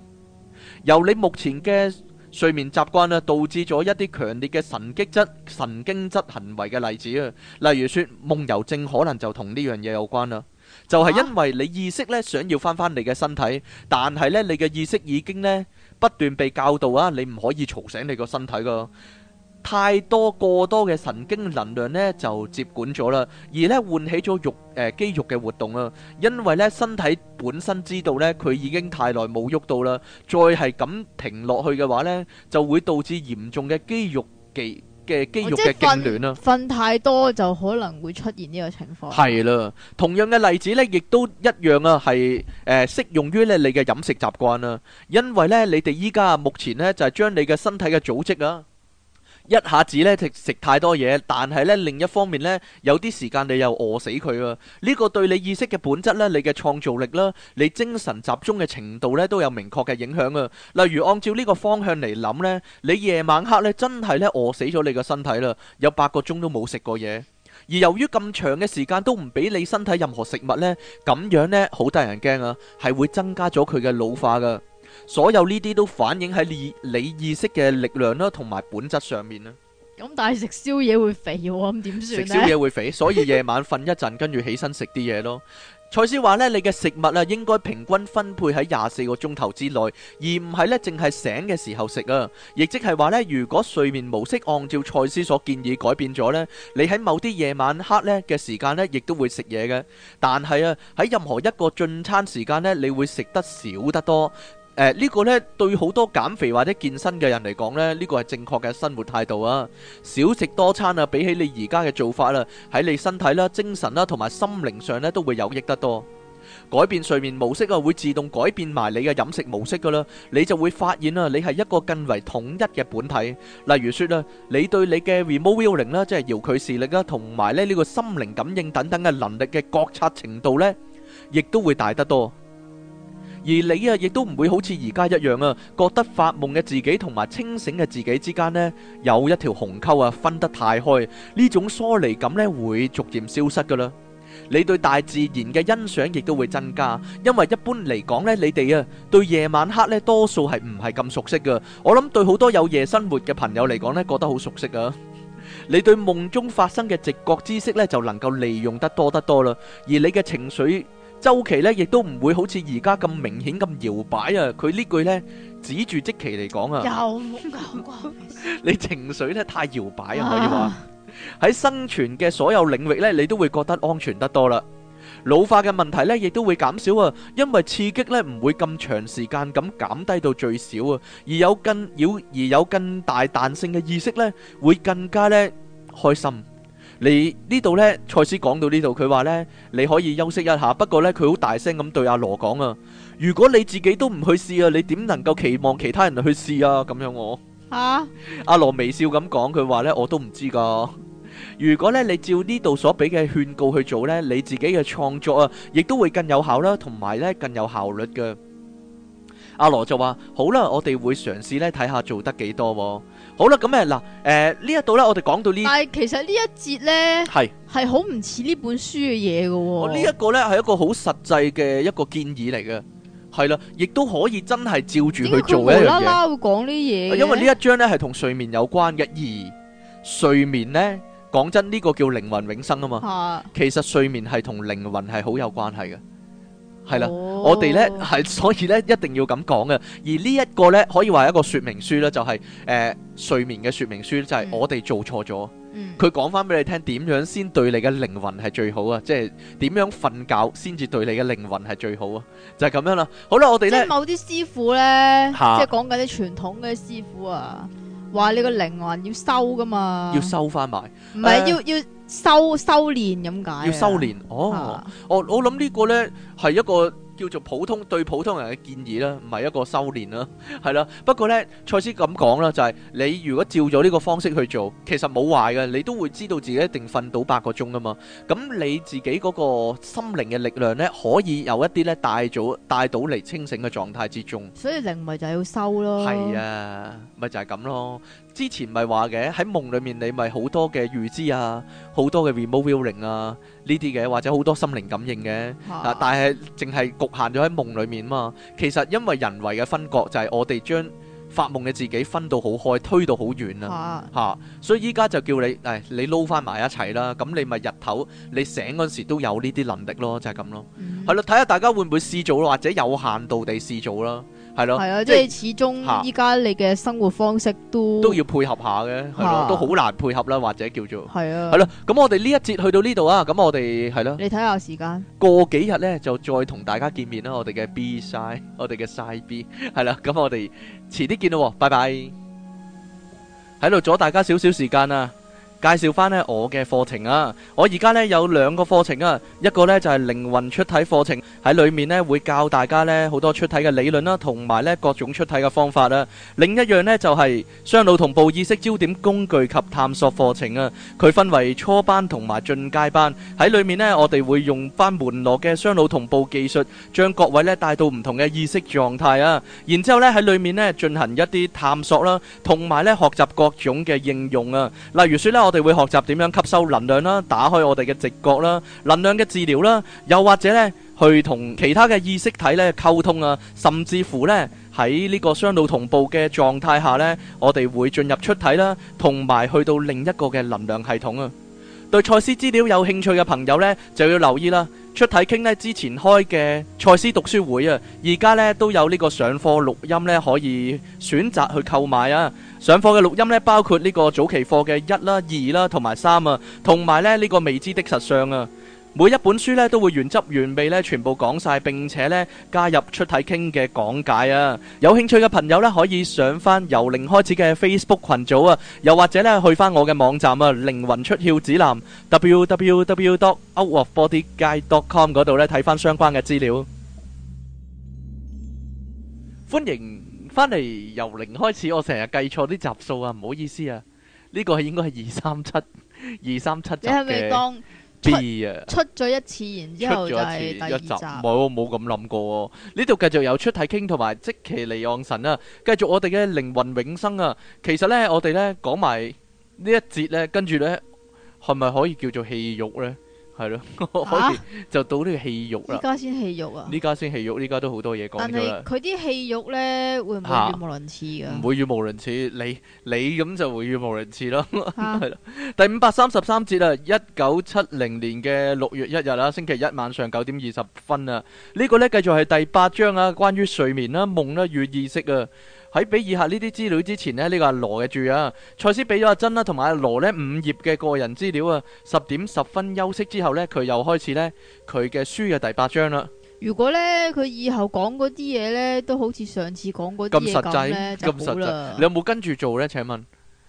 由你目前嘅睡眠習慣啊，導致咗一啲強烈嘅神經質、神經質行為嘅例子啊，例如說夢遊症可能就同呢樣嘢有關啦，啊、就係因為你意識呢，想要翻翻你嘅身體，但係呢，你嘅意識已經呢。不斷被教導啊，你唔可以嘈醒你個身體噶，太多過多嘅神經能量咧就接管咗啦，而咧喚起咗肉誒肌肉嘅活動啊，因為咧身體本身知道咧佢已經太耐冇喐到啦，再係咁停落去嘅話咧，就會導致嚴重嘅肌肉記。嘅肌肉嘅痙攣啦，瞓太多就可能會出現呢個情況。係啦，同樣嘅例子呢，亦都一樣啊，係誒適用於咧你嘅飲食習慣啦，因為呢，你哋依家目前呢，就係、是、將你嘅身體嘅組織啊。一下子咧食食太多嘢，但係咧另一方面咧，有啲時間你又餓死佢啊！呢個對你意識嘅本質咧，你嘅創造力啦，你精神集中嘅程度咧，都有明確嘅影響啊！例如按照呢個方向嚟諗咧，你夜晚黑咧真係咧餓死咗你個身體啦，有八個鐘都冇食過嘢，而由於咁長嘅時間都唔俾你身體任何食物咧，咁樣咧好得人驚啊！係會增加咗佢嘅老化噶。所有呢啲都反映喺你你意識嘅力量啦，同埋本質上面啦。咁但係食宵夜會肥，咁點算咧？食宵夜會肥，所以夜晚瞓一陣，跟住起身食啲嘢咯。賽斯話咧，你嘅食物啊，應該平均分配喺廿四個鐘頭之內，而唔係咧，淨係醒嘅時候食啊。亦即係話咧，如果睡眠模式按照賽斯所建議改變咗咧，你喺某啲夜晚黑咧嘅時間咧，亦都會食嘢嘅。但係啊，喺任何一個進餐時間咧，你會食得少得多。誒，呢個咧對好多減肥或者健身嘅人嚟講咧，呢個係正確嘅生活態度啊！少食多餐啊，比起你而家嘅做法啦，喺你身體啦、精神啦同埋心靈上咧，都會有益得多。改變睡眠模式啊，會自動改變埋你嘅飲食模式噶啦，你就會發現啊，你係一個更為統一嘅本體。例如說啊，你對你嘅 remote viewing 啦，即係遙距視力啦，同埋咧呢個心靈感應等等嘅能力嘅覺察程度咧，亦都會大得多。而你啊，亦都唔會好似而家一樣啊，覺得發夢嘅自己同埋清醒嘅自己之間呢，有一條鴻溝啊，分得太開。呢種疏離感呢，會逐漸消失噶啦。你對大自然嘅欣賞亦都會增加，因為一般嚟講呢，你哋啊，對夜晚黑呢，多數係唔係咁熟悉噶。我諗對好多有夜生活嘅朋友嚟講呢，覺得好熟悉啊。你對夢中發生嘅直覺知識呢，就能夠利用得多得多啦。而你嘅情緒。周期咧，亦都唔會好似而家咁明顯咁搖擺啊！佢呢句咧，指住即期嚟講啊，有冇講過？你情緒咧，太搖擺啊，可以話喺生存嘅所有領域咧，你都會覺得安全得多啦。老化嘅問題咧，亦都會減少啊，因為刺激咧，唔會咁長時間咁減低到最少啊，而有更要而有更大彈性嘅意識咧，會更加咧，開心。你呢度呢？賽斯講到呢度，佢話呢：「你可以休息一下。不過呢，佢好大聲咁對阿羅講啊，如果你自己都唔去試啊，你點能夠期望其他人去試啊？咁樣我哈阿羅微笑咁講，佢話呢：「我都唔知噶。如果呢，你照呢度所俾嘅勸告去做呢，你自己嘅創作啊，亦都會更有效啦，同埋呢，更有效率嘅。阿羅、啊、就話：好啦，我哋會嘗試咧，睇下做得幾多、哦。好啦，咁誒嗱，誒、啊呃、呢一度咧，我哋講到呢，但係其實呢一節咧，係係好唔似呢本書嘅嘢噶。呢、哦、一個咧係一個好實際嘅一個建議嚟嘅，係啦，亦都可以真係照住去做一啱啱會講呢嘢。因為呢一章咧係同睡眠有關嘅，而睡眠咧講真呢、這個叫靈魂永生啊嘛。其實睡眠係同靈魂係好有關係嘅。係啦，oh. 我哋咧係，所以咧一定要咁講嘅。而呢一個咧，可以話係一個說明書咧，就係、是、誒、呃、睡眠嘅說明書就、mm. 說，就係我哋做錯咗。佢講翻俾你聽，點樣先對你嘅靈魂係最好，就是、好啊？即係點樣瞓覺先至對你嘅靈魂係最好啊？就係咁樣啦。好啦，我哋咧，即係某啲師傅咧，即係講緊啲傳統嘅師傅啊。話你、這個靈魂要收噶嘛？要收返埋，唔係要要修修煉咁解？要修煉哦，我我諗呢個咧係一個。叫做普通對普通人嘅建議啦，唔係一個修練啦，係啦。不過咧，賽斯咁講啦，就係你如果照咗呢個方式去做，其實冇壞嘅，你都會知道自己一定瞓到八個鐘㗎嘛。咁你自己嗰個心靈嘅力量咧，可以有一啲咧帶咗帶到嚟清醒嘅狀態之中。所以靈咪就係要修咯，係啊，咪就係咁咯。之前咪話嘅喺夢裡面，你咪好多嘅預知啊，好多嘅 removing 啊。呢啲嘅或者好多心靈感應嘅啊，但係淨係局限咗喺夢裏面啊嘛。其實因為人為嘅分割，就係我哋將發夢嘅自己分到好開，推到好遠啦，吓，所以依家就叫你，誒，你撈翻埋一齊啦，咁你咪日頭你醒嗰時都有呢啲能力咯，就係咁咯，係咯，睇下大家會唔會試做咯，或者有限度地試做啦，係咯，係啊，即係始終依家你嘅生活方式都都要配合下嘅，係咯，都好難配合啦，或者叫做係啊，係咯，咁我哋呢一節去到呢度啊，咁我哋係咯，你睇下時間，過幾日咧就再同大家見面啦，我哋嘅 B side，我哋嘅 side B，係啦，咁我哋遲啲見。拜拜！喺度阻大家少少時間啊。介紹翻呢我嘅課程啊，我而家呢有兩個課程啊，一個呢就係靈魂出體課程，喺裏面呢會教大家呢好多出體嘅理論啦，同埋呢各種出體嘅方法啊。另一樣呢就係雙腦同步意識焦點工具及探索課程啊，佢分為初班同埋進階班，喺裏面呢我哋會用翻門羅嘅雙腦同步技術，將各位呢帶到唔同嘅意識狀態啊，然之後呢喺裏面呢進行一啲探索啦，同埋呢學習各種嘅應用啊，例如說呢我。我哋會學習點樣吸收能量啦，打開我哋嘅直覺啦，能量嘅治療啦，又或者咧，去同其他嘅意識體咧溝通啊，甚至乎咧喺呢個雙腦同步嘅狀態下咧，我哋會進入出體啦，同埋去到另一個嘅能量系統啊。對賽斯資料有興趣嘅朋友咧，就要留意啦。出體傾咧，之前開嘅賽斯讀書會啊，而家咧都有呢個上課錄音呢，可以選擇去購買啊。上課嘅錄音咧，包括呢個早期課嘅一啦、二啦同埋三啊，同埋咧呢個未知的實相啊。每一本書咧都會原汁原味咧全部講晒，並且咧加入出體傾嘅講解啊！有興趣嘅朋友咧可以上翻由零開始嘅 Facebook 群組啊，又或者咧去翻我嘅網站啊靈魂出竅指南 www.outofbodyguide.com 嗰度咧睇翻相關嘅資料。 歡迎翻嚟由零開始，我成日計錯啲集數啊，唔好意思啊，呢、呢個應該係二三七二三七集嘅。B 啊，出咗一次，然之後就係第二集，冇冇咁諗過喎、哦。呢度繼續有出體傾，同埋即其離岸神啊，繼續我哋嘅靈魂永生啊。其實呢，我哋呢講埋呢一節呢，跟住呢，係咪可以叫做戲肉呢？係咯，我好似就到呢個戲肉啦。依家先戲肉啊！依家先戲肉，依家都好多嘢講。但係佢啲戲肉呢，會唔會語無倫次噶？唔、啊、會語無倫次，你你咁就會語無倫次咯。第五百三十三節啊，一九七零年嘅六月一日啊，星期一晚上九點二十分啊。呢、這個呢，繼續係第八章啊，關於睡眠啦、夢啦、與意識啊。喺俾以下呢啲資料之前呢，呢、這個阿羅嘅住啊。賽斯俾咗阿珍啦、啊，同埋阿羅呢五頁嘅個人資料啊。十點十分休息之後呢，佢又開始呢，佢嘅書嘅第八章啦。如果呢，佢以後講嗰啲嘢呢，都好似上次講嗰啲咁咧，實際就好啦。你有冇跟住做呢？請問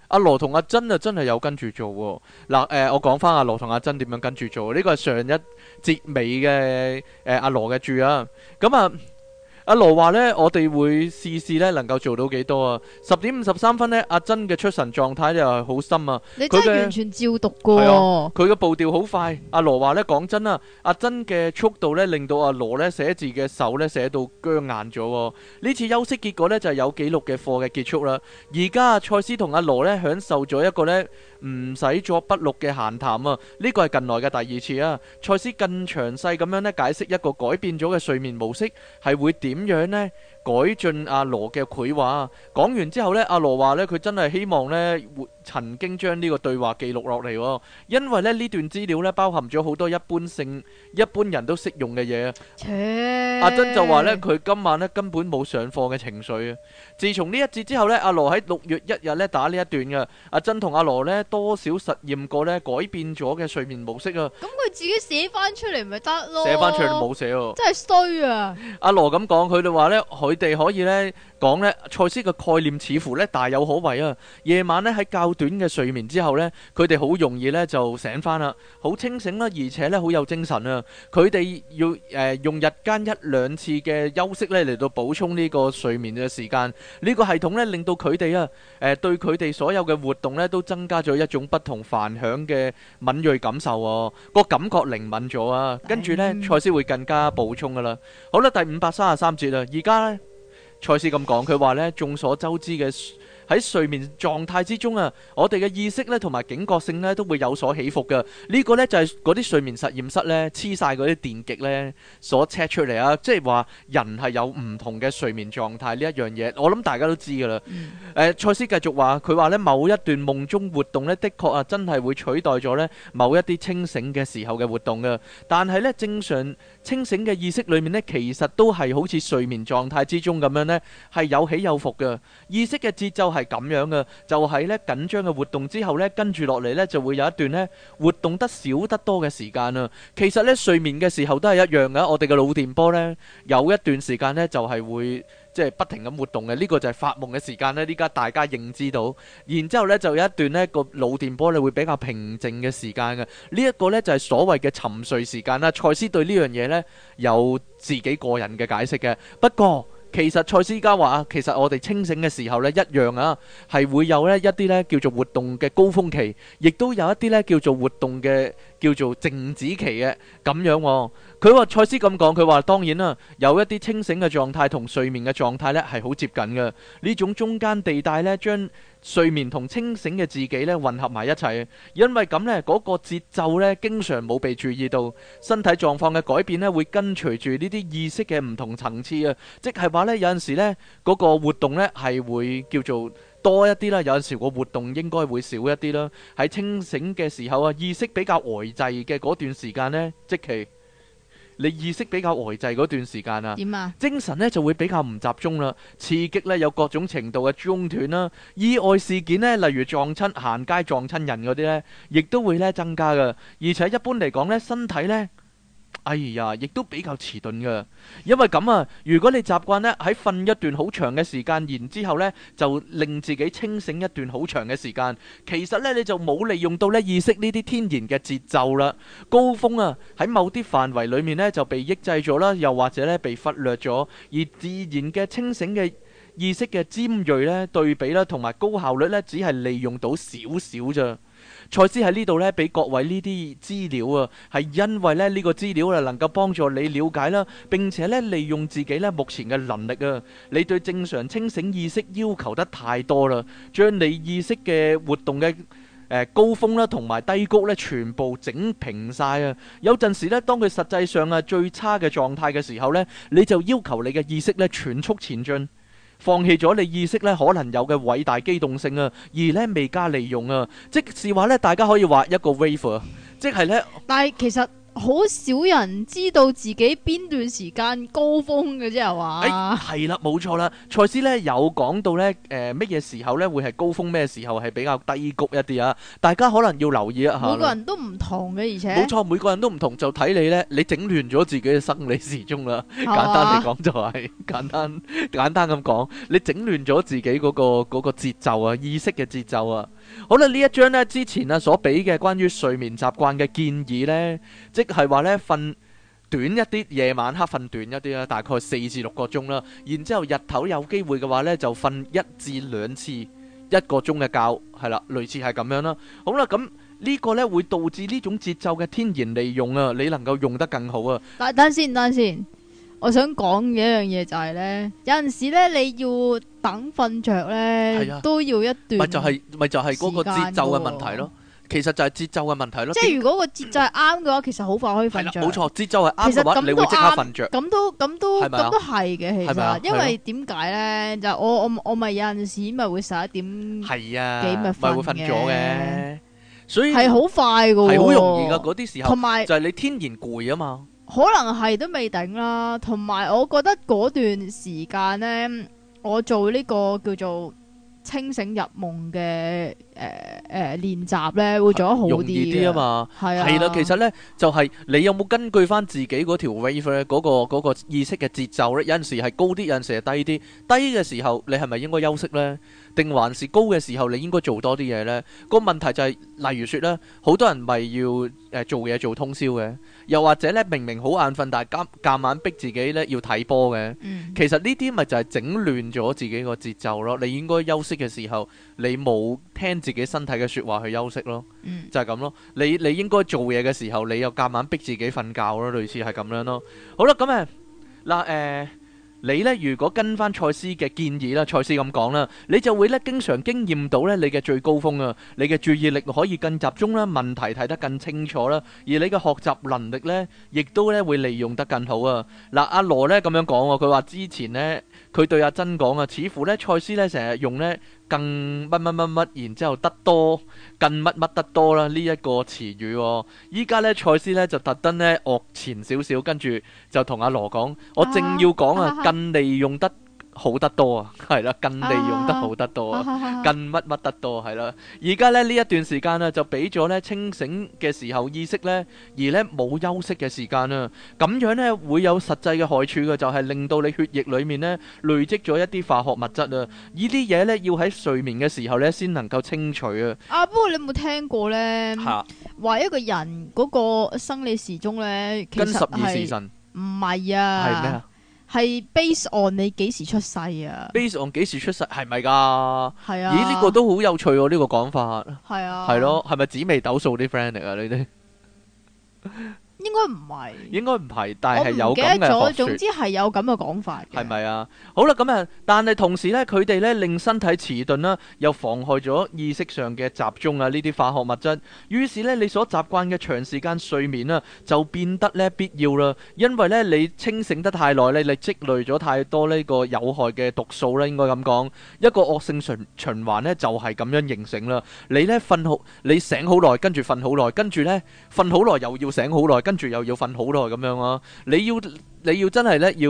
阿羅同阿珍就啊，真係有跟住做喎。嗱、呃、誒，我講翻阿羅同阿珍點樣跟住做？呢、這個係上一節尾嘅誒、呃、阿羅嘅住啊。咁啊～阿羅話咧，我哋會試試咧，能夠做到幾多啊？十點五十三分呢，阿珍嘅出神狀態就係好深啊！佢真的完全照讀噶，係啊！佢嘅步調好快。阿羅話咧，講真啊，阿珍嘅速度咧，令到阿羅咧寫字嘅手咧寫到僵硬咗、啊。呢次休息結果咧就係、是、有紀錄嘅課嘅結束啦。而家啊，賽斯同阿羅咧享受咗一個咧。唔使作筆錄嘅閒談啊！呢個係近來嘅第二次啊！賽斯更詳細咁樣咧解釋一個改變咗嘅睡眠模式係會點樣呢？改進阿羅嘅繪話，講完之後咧，阿羅話咧，佢真係希望咧，曾經將呢個對話記錄落嚟，因為咧呢段資料咧包含咗好多一般性一般人都識用嘅嘢。阿珍就話咧，佢今晚咧根本冇上課嘅情緒。自從呢一節之後咧，阿羅喺六月一日咧打呢一段嘅。阿珍同阿羅咧多少實驗過咧改變咗嘅睡眠模式啊。咁佢自己寫翻出嚟咪得咯？寫翻出嚟冇寫喎。真係衰啊！阿羅咁講，佢就話咧，佢。佢哋可以咧講咧，賽斯嘅概念似乎咧大有可為啊！夜晚咧喺較短嘅睡眠之後咧，佢哋好容易咧就醒翻啦，好清醒啦，而且咧好有精神啊！佢哋要誒、呃、用日間一兩次嘅休息咧嚟到補充呢個睡眠嘅時間，呢、這個系統咧令到佢哋啊誒對佢哋所有嘅活動咧都增加咗一種不同凡響嘅敏銳感受啊，個、哦、感覺靈敏咗啊！跟住咧，賽斯會更加補充噶啦。好啦，第五百三十三節啦，而家咧。蔡司咁講，佢話呢，眾所周知嘅喺睡眠狀態之中啊，我哋嘅意識呢同埋警覺性呢都會有所起伏嘅。呢、這個呢，就係嗰啲睡眠實驗室呢黐晒嗰啲電極呢所 check 出嚟啊！即係話人係有唔同嘅睡眠狀態呢一樣嘢，我諗大家都知噶啦。誒、嗯，蔡司繼續話，佢話呢某一段夢中活動呢，的確啊真係會取代咗呢某一啲清醒嘅時候嘅活動嘅，但係呢，正常。清醒嘅意識裏面呢，其實都係好似睡眠狀態之中咁樣呢，係有起有伏嘅。意識嘅節奏係咁樣嘅，就係呢緊張嘅活動之後呢，跟住落嚟呢，就會有一段呢活動得少得多嘅時間啦。其實呢，睡眠嘅時候都係一樣嘅，我哋嘅腦電波呢，有一段時間呢，就係會。即係不停咁活動嘅，呢個就係發夢嘅時間呢，依家大家認知到，然之後呢就有一段呢個腦電波你會比較平靜嘅時間嘅。呢一個呢就係所謂嘅沉睡時間啦。賽斯對呢樣嘢呢有自己個人嘅解釋嘅。不過其實賽斯依家話，其實我哋清醒嘅時候呢一樣啊，係會有呢一啲呢叫做活動嘅高峰期，亦都有一啲呢叫做活動嘅叫做靜止期嘅咁樣喎。佢話賽斯咁講，佢話當然啦、啊，有一啲清醒嘅狀態同睡眠嘅狀態呢係好接近嘅。呢種中間地帶呢，將睡眠同清醒嘅自己呢混合埋一齊。因為咁呢，嗰、那個節奏呢，經常冇被注意到，身體狀況嘅改變呢，會跟隨住呢啲意識嘅唔同層次啊。即係話呢，有陣時呢，嗰、那個活動呢係會叫做多一啲啦。有陣時個活動應該會少一啲啦。喺清醒嘅時候啊，意識比較呆滯嘅嗰段時間呢，即係。你意識比較呆滯嗰段時間啊，啊精神咧就會比較唔集中啦、啊，刺激咧有各種程度嘅中斷啦、啊，意外事件咧，例如撞親行街撞親人嗰啲咧，亦都會咧增加噶，而且一般嚟講咧，身體咧。哎呀，亦都比較遲鈍㗎，因為咁啊。如果你習慣呢喺瞓一段好長嘅時間，然之後呢就令自己清醒一段好長嘅時間，其實呢你就冇利用到呢意識呢啲天然嘅節奏啦。高峰啊，喺某啲範圍裡面呢就被抑制咗啦，又或者呢被忽略咗，而自然嘅清醒嘅意識嘅尖銳呢對比啦，同埋高效率呢只係利用到少少咋。賽斯喺呢度咧，俾各位呢啲資料啊，係因為咧呢個資料啊，能夠幫助你了解啦，並且咧利用自己咧目前嘅能力啊，你對正常清醒意識要求得太多啦，將你意識嘅活動嘅誒高峰啦，同埋低谷咧，全部整平晒啊！有陣時咧，當佢實際上啊最差嘅狀態嘅時候咧，你就要求你嘅意識咧全速前進。放棄咗你意識咧可能有嘅偉大機動性啊，而呢未加利用啊，即是話呢，大家可以話一個 wafer，即係呢。但係其實。好少人知道自己邊段時間高峰嘅啫，係嘛？哎，係啦，冇錯啦。賽斯咧有講到咧，誒乜嘢時候咧會係高峰，咩時候係比較低谷一啲啊？大家可能要留意一下。每個人都唔同嘅，而且冇錯，每個人都唔同，就睇你咧。你整亂咗自己嘅生理時鐘啦，係吧？簡單嚟講就係簡單簡單咁講，你整亂咗自己嗰個嗰個節奏啊，意識嘅節奏啊。好啦，呢一章咧之前咧所俾嘅關於睡眠習慣嘅建議呢，即係話呢，瞓短一啲，夜晚黑瞓短一啲啦，大概四至六個鐘啦，然之後日頭有機會嘅話呢，就瞓一至兩次一個鐘嘅覺係啦，類似係咁樣啦。好啦，咁呢個呢，會導致呢種節奏嘅天然利用啊，你能夠用得更好啊。等先，等先。我想講嘅一樣嘢就係咧，有時咧，你要等瞓著咧，都要一段時間。咪就係嗰個節奏嘅問題囉。其實就係節奏嘅問題囉。 可能係都未頂啦，同埋我覺得嗰段時間呢，我做呢個叫做清醒入夢嘅，誒誒練習咧，會做得好啲。容易啲啊嘛，係啊，係啦，其實呢，就係、是、你有冇根據翻自己嗰條 wave 咧，嗰、嗰個、嗰個意識嘅節奏呢，有陣時係高啲，有陣時係低啲，低嘅時候你係咪應該休息呢？定還是高嘅時候，你應該做多啲嘢呢？個問題就係、是，例如說呢，好多人咪要誒、呃、做嘢做通宵嘅，又或者呢，明明好眼瞓，但係夾夾硬逼自己呢要睇波嘅。嗯、其實呢啲咪就係整亂咗自己個節奏咯。你應該休息嘅時候，你冇聽自己身體嘅説話去休息咯，嗯、就係咁咯。你你應該做嘢嘅時候，你又夾硬逼自己瞓覺咯，類似係咁樣咯。好啦，咁誒嗱誒。嗯嗯你咧如果跟翻賽斯嘅建議啦，賽斯咁講啦，你就會咧經常經驗到咧你嘅最高峰啊，你嘅注意力可以更集中啦，問題睇得更清楚啦，而你嘅學習能力咧，亦都咧會利用得更好啊！嗱，阿羅咧咁樣講喎，佢話之前呢。佢對阿珍講啊，似乎咧賽斯咧成日用咧更乜乜乜乜，然之後得多更乜乜得多啦，這個哦、呢一個詞語。依家咧賽斯咧就特登咧惡前少少，跟住就同阿羅講，我正要講啊，更、啊啊、利用得。好得多啊，係啦，更利用得好得多啊，更乜乜得多啊，係啦。而家咧呢一段時間咧，就俾咗咧清醒嘅時候意識咧，而咧冇休息嘅時間啦。咁樣咧會有實際嘅害處嘅，就係令到你血液裏面咧累積咗一啲化學物質啦。呢啲嘢咧要喺睡眠嘅時候咧先能夠清除啊。啊，不過你有冇聽過咧？話一個人嗰個生理時鐘咧，其實係跟十二時辰，唔係啊？係咩啊？係 base on 你幾時出世啊？base on 幾時出世係咪噶？係是啊，這個、啊！咦呢個都好有趣喎！呢個講法係啊，係咯，係咪紫微斗數啲 friend 嚟啊？你哋。 應該唔係，應該唔係，但係有咁嘅學說。總之係有咁嘅講法嘅。係咪啊？好啦，咁啊，但係同時咧，佢哋咧令身體遲鈍啦，又妨害咗意識上嘅集中啊。呢啲化學物質，於是咧你所習慣嘅長時間睡眠啊，就變得咧必要啦。因為咧你清醒得太耐咧，你積累咗太多呢個有害嘅毒素啦，應該咁講。一個惡性循循環咧就係咁樣形成啦。你咧瞓好，你醒好耐，跟住瞓好耐，跟住咧瞓好耐又要醒好耐，跟跟住又要瞓好耐咁樣咯，啊，你要。你要真係咧，要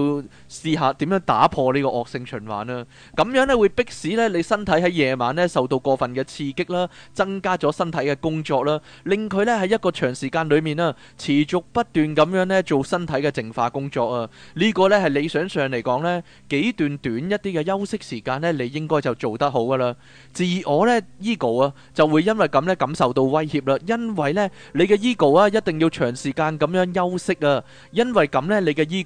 試下點樣打破呢個惡性循環啊。咁樣咧會迫使咧你身體喺夜晚咧受到過分嘅刺激啦，增加咗身體嘅工作啦，令佢咧喺一個長時間裏面啊，持續不斷咁樣咧做身體嘅淨化工作啊。呢個咧係理想上嚟講咧，幾段短一啲嘅休息時間咧，你應該就做得好噶啦。自我咧 ego 啊，就會因為咁咧感受到威脅啦，因為咧你嘅 ego 啊，一定要長時間咁樣休息啊，因為咁咧你嘅 e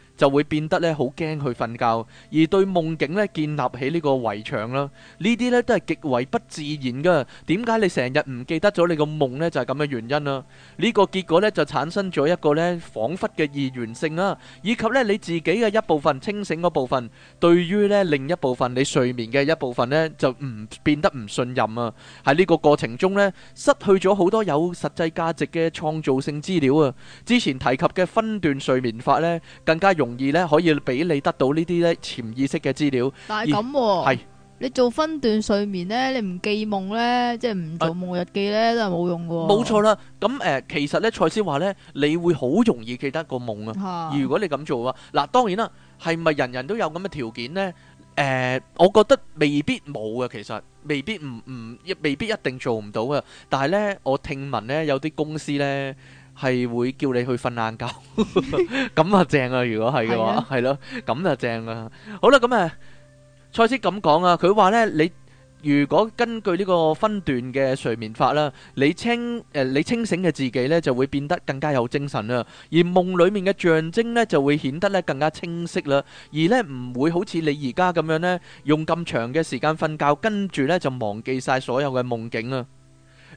就會變得咧好驚去瞓覺，而對夢境咧建立起呢個圍牆啦。呢啲咧都係極為不自然噶。點解你成日唔記得咗你個夢咧？就係咁嘅原因啦。呢個結果咧就產生咗一個咧恍惚嘅二元性啦，以及咧你自己嘅一部分清醒嗰部分，對於咧另一部分你睡眠嘅一部分咧就唔變得唔信任啊。喺呢個過程中咧，失去咗好多有實際價值嘅創造性資料啊。之前提及嘅分段睡眠法咧，更加容。容易咧，可以俾你得到呢啲咧潛意識嘅資料。但係咁係，你做分段睡眠咧，你唔記夢咧，即係唔做夢日記咧，都係冇用噶。冇錯啦。咁誒，其實咧，蔡司話咧，你會好容易記得個夢啊。如果你咁做啊，嗱，當然啦，係咪人人都有咁嘅條件咧？誒，我覺得未必冇啊，其實未必唔唔，未必一定做唔到啊。但係咧，我聽聞咧，有啲公司咧。係會叫你去瞓晏覺，咁啊正啊！如果係嘅話，係咯，咁就正啊！好啦，咁啊，賽斯咁講啊，佢話咧，你如果根據呢個分段嘅睡眠法啦，你清誒，你清醒嘅自己咧，就會變得更加有精神啦，而夢裏面嘅象徵咧，就會顯得咧更加清晰啦，而咧唔會好似你而家咁樣咧，用咁長嘅時間瞓覺，跟住咧就忘記晒所有嘅夢境啊！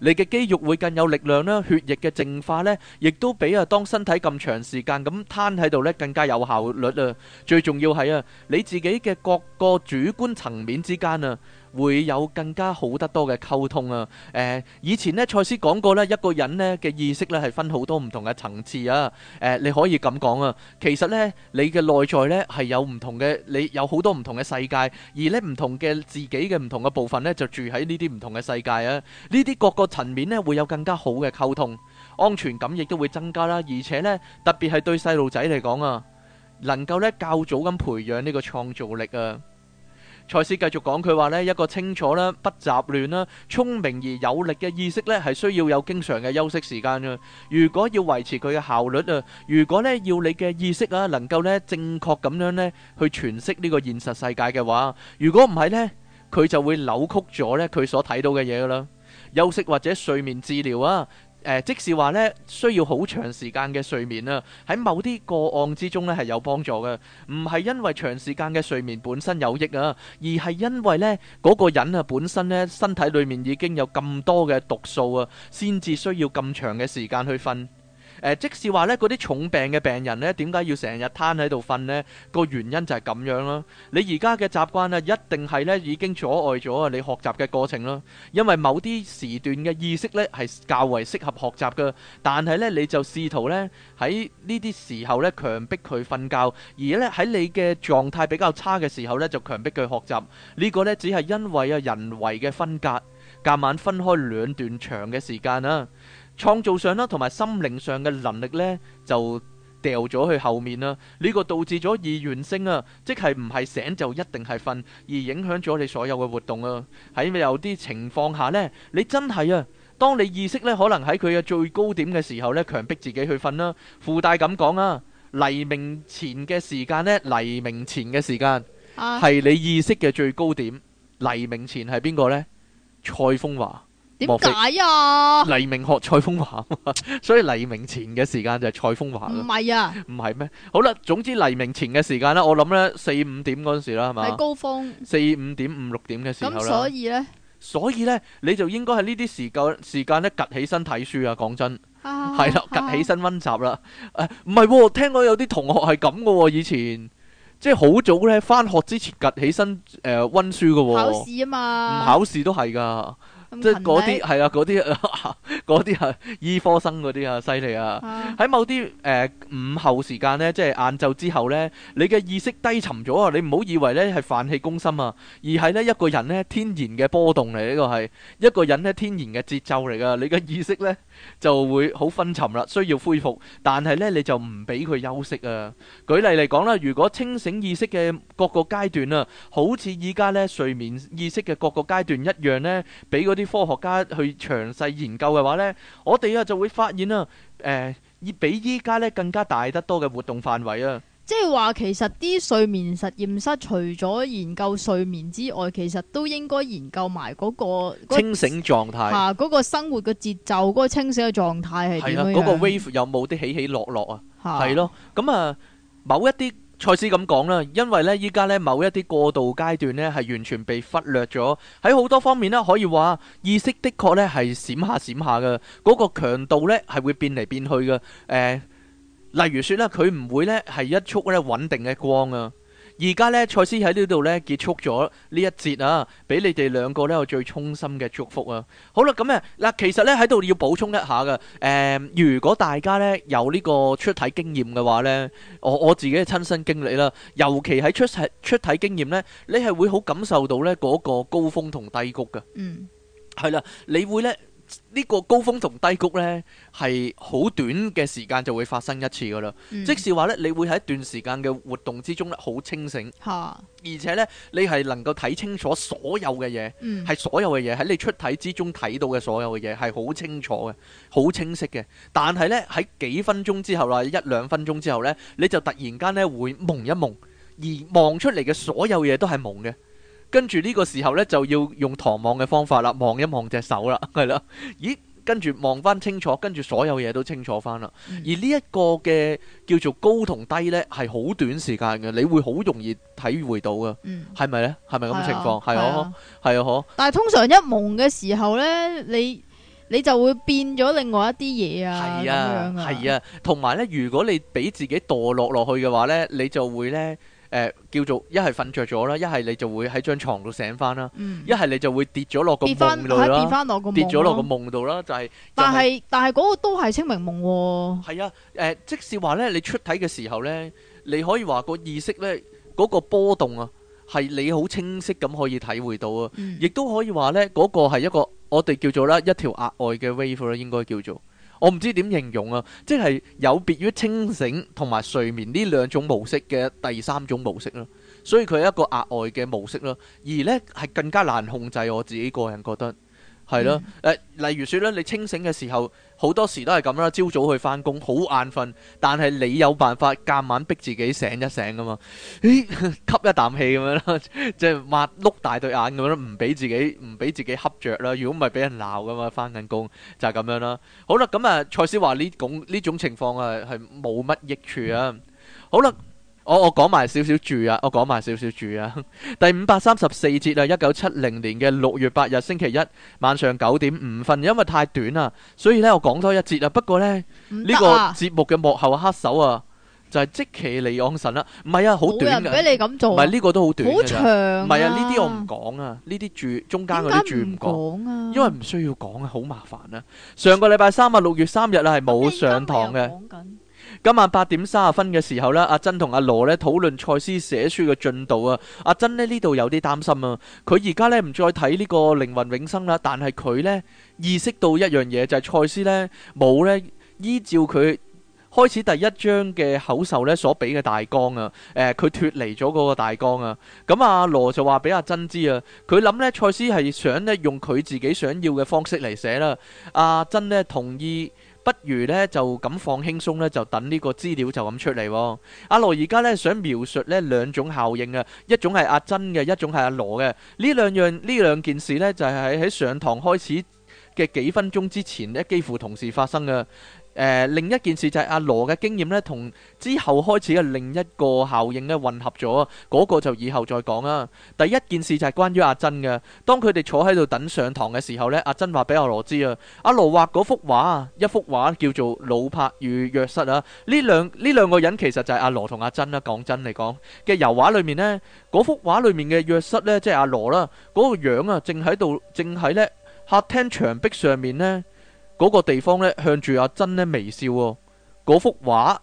你嘅肌肉會更有力量啦，血液嘅淨化呢亦都比啊當身體咁長時間咁攤喺度呢更加有效率啊！最重要係啊，你自己嘅各個主觀層面之間啊，會有更加好得多嘅溝通啊！誒、呃，以前呢，賽斯講過呢，一個人呢嘅意識呢係分好多唔同嘅層次啊！誒、呃，你可以咁講啊，其實呢，你嘅內在呢係有唔同嘅，你有好多唔同嘅世界，而呢，唔同嘅自己嘅唔同嘅部分呢，就住喺呢啲唔同嘅世界啊！呢啲各個層面呢，會有更加好嘅溝通，安全感亦都會增加啦，而且呢，特別係對細路仔嚟講啊，能夠呢較早咁培養呢個創造力啊！賽斯繼續講，佢話呢一個清楚啦、不雜亂啦、聰明而有力嘅意識呢，係需要有經常嘅休息時間啊。如果要維持佢嘅效率啊，如果呢要你嘅意識啊，能夠呢正確咁樣呢去詮釋呢個現實世界嘅話，如果唔係呢，佢就會扭曲咗呢佢所睇到嘅嘢噶啦。休息或者睡眠治療啊。誒，即使話咧需要好長時間嘅睡眠啦，喺某啲個案之中咧係有幫助嘅，唔係因為長時間嘅睡眠本身有益啊，而係因為咧嗰個人啊本身咧身體裏面已經有咁多嘅毒素啊，先至需要咁長嘅時間去瞓。誒、呃，即使話呢嗰啲重病嘅病人呢，點解要成日攤喺度瞓呢？個原因就係咁樣咯。你而家嘅習慣啊，一定係呢已經阻礙咗你學習嘅過程咯。因為某啲時段嘅意識呢，係較為適合學習㗎，但係呢，你就試圖呢喺呢啲時候呢強迫佢瞓覺，而呢喺你嘅狀態比較差嘅時候呢，就強迫佢學習。呢、這個呢，只係因為啊人為嘅分隔，夾硬分開兩段長嘅時間啦。創造上啦，同埋心靈上嘅能力呢，就掉咗去後面啦。呢、這個導致咗二元性啊，即係唔係醒就一定係瞓，而影響咗你所有嘅活動啊。喺有啲情況下呢，你真係啊，當你意識呢，可能喺佢嘅最高點嘅時候呢，強迫自己去瞓啦。附帶咁講啊，黎明前嘅時間呢，黎明前嘅時間係、啊、你意識嘅最高點。黎明前係邊個呢？蔡風華。點解啊？黎明學蔡楓華，所以黎明前嘅時間就係蔡楓華。唔係啊？唔係咩？好啦，總之黎明前嘅時間啦，我諗咧四五點嗰陣時啦，係咪？係高峰。四五點五六點嘅時候啦。咁所以咧？所以咧，你就應該喺呢啲時間時間一趌起身睇書啊！講真 係啦，趌起身溫習啦。誒、啊，唔係，聽講有啲同學係咁噶，以前即係好早咧，翻學之前趌起身誒溫書噶。呃啊、考試啊嘛，唔考試都係噶。即係嗰啲係啊，嗰啲嗰啲係醫科生嗰啲啊，犀利啊！喺某啲誒午後時間咧，即係晏晝之後咧，你嘅意識低沉咗啊！你唔好以為咧係泛氣攻心啊，而係咧一個人咧天然嘅波動嚟，呢個係一個人咧天然嘅節奏嚟啊！你嘅意識咧就會好昏沉啦，需要恢復，但係咧你就唔俾佢休息啊！舉例嚟講啦，如果清醒意識嘅各個階段啊，好似依家咧睡眠意識嘅各個階段一樣咧，俾嗰啲。科學家去詳細研究嘅話呢，我哋啊就會發現啊，誒、呃，比依家呢更加大得多嘅活動範圍啊。即係話，其實啲睡眠實驗室除咗研究睡眠之外，其實都應該研究埋嗰、那個、那個、清醒狀態吓，嗰、啊那個生活嘅節奏，嗰、那個清醒嘅狀態係嗰、那個 wave 有冇啲起起落落啊？係咯、啊，咁、嗯、啊，某一啲。賽斯咁講啦，因為呢，依家呢某一啲過渡階段呢係完全被忽略咗，喺好多方面呢，可以話意識的確呢係閃下閃下嘅，嗰、那個強度呢係會變嚟變去嘅。誒、呃，例如說呢，佢唔會呢係一束呢穩定嘅光啊。而家呢，賽斯喺呢度呢結束咗呢一節啊，俾你哋兩個呢我最衷心嘅祝福啊！好啦，咁啊，嗱，其實呢喺度要補充一下嘅，誒、呃，如果大家呢有呢個出體經驗嘅話呢，我我自己嘅親身經歷啦，尤其喺出體出體經驗呢，你係會好感受到呢嗰個高峰同低谷嘅，嗯，係啦，你會呢。呢個高峰同低谷呢，係好短嘅時間就會發生一次噶啦。嗯、即是話呢，你會喺一段時間嘅活動之中咧，好清醒，哈而且呢，你係能夠睇清楚所有嘅嘢，係、嗯、所有嘅嘢喺你出體之中睇到嘅所有嘅嘢係好清楚嘅，好清晰嘅。但係呢，喺幾分鐘之後啦，一兩分鐘之後呢，你就突然間呢會矇一矇，而望出嚟嘅所有嘢都係矇嘅。跟住呢個時候呢，就要用唐望嘅方法啦，望一望隻手啦，係啦。咦，跟住望翻清楚，跟住所有嘢都清楚翻啦。嗯、而呢一個嘅叫做高同低呢，係好短時間嘅，你會好容易體會到噶，係咪、嗯、呢？係咪咁嘅情況？係啊，係啊，啊啊啊但係通常一蒙嘅時候呢，你你就會變咗另外一啲嘢啊，係啊，係樣啊。同埋、啊、呢，如果你俾自己墮落落去嘅話呢，你就會呢。誒、呃、叫做一係瞓着咗啦，一係你就會喺張床度醒翻啦，一係、嗯、你就會跌咗落個夢度啦，跌咗落個夢度啦，是就係、是。但係但係嗰個都係清明夢喎、哦。啊，誒、呃，即使話咧，你出體嘅時候咧，你可以話個意識咧，嗰、嗰個波動啊，係你好清晰咁可以體會到啊，亦都、嗯、可以話咧，嗰、嗰個係一個我哋叫做啦，一條額外嘅 wave 咧，應該叫做。我唔知點形容啊，即係有別於清醒同埋睡眠呢兩種模式嘅第三種模式咯，所以佢係一個額外嘅模式咯，而呢係更加難控制，我自己個人覺得。係咯，誒，例如說咧，你清醒嘅時候，好多時都係咁啦。朝早去翻工，好眼瞓，但係你有辦法，今晚逼自己醒一醒噶嘛？誒，吸一啖氣咁樣啦，即係擘碌大對眼咁樣，唔俾自己唔俾自己瞌著啦。如果唔係，俾人鬧噶嘛，翻緊工就係、是、咁樣啦。好啦，咁啊，蔡思華呢種呢種情況啊，係冇乜益處啊。好啦。我我講埋少少住啊，我講埋少少住啊。 第五百三十四節啊，一九七零年嘅六月八日星期一晚上九點五分，因為太短啦，所以咧我講多一節啊。不過咧呢、啊、個節目嘅幕後黑手啊，就係、是、即其尼昂神啦。唔係啊，好短噶，唔係呢個都好短。唔得唔係啊，呢啲我唔講啊，呢啲住中間嗰啲住唔講啊，為啊因為唔需要講啊，好麻煩啊。上個禮拜三啊，六月三日啊，係冇上堂嘅。今晚八點三十分嘅時候咧，阿珍同阿羅咧討論賽斯寫書嘅進度啊。阿珍呢呢度有啲擔心啊。佢而家咧唔再睇呢個靈魂永生啦，但係佢咧意識到一樣嘢就係、是、賽斯咧冇咧依照佢開始第一章嘅口授咧所俾嘅大綱啊。誒、呃，佢脫離咗嗰個大綱啊。咁、嗯、阿羅就話俾阿珍知啊，佢諗咧賽斯係想咧用佢自己想要嘅方式嚟寫啦、啊。阿珍咧同意。不如咧就咁放輕鬆咧，就等呢個資料就咁出嚟，哦。阿羅而家咧想描述呢兩種效應啊，一種係阿珍嘅，一種係阿羅嘅呢兩樣，呢兩件事呢，就係、喺、喺上堂開始嘅幾分鐘之前呢，幾乎同時發生嘅。誒、呃、另一件事就係阿羅嘅經驗咧，同之後開始嘅另一個效應咧混合咗，嗰、那個就以後再講啦。第一件事就係關於阿珍嘅，當佢哋坐喺度等上堂嘅時候咧，阿珍話俾阿羅知啊，阿羅畫嗰幅畫啊，一幅畫叫做《老柏與約瑟》啊。呢兩呢兩個人其實就係阿羅同阿珍啦。講真嚟講嘅油畫裏面呢，嗰幅畫裏面嘅約瑟咧，即係阿羅啦，嗰、那個樣啊，正喺度，正喺咧客廳牆壁上面呢。嗰個地方咧向住阿珍咧微笑喎，嗰幅畫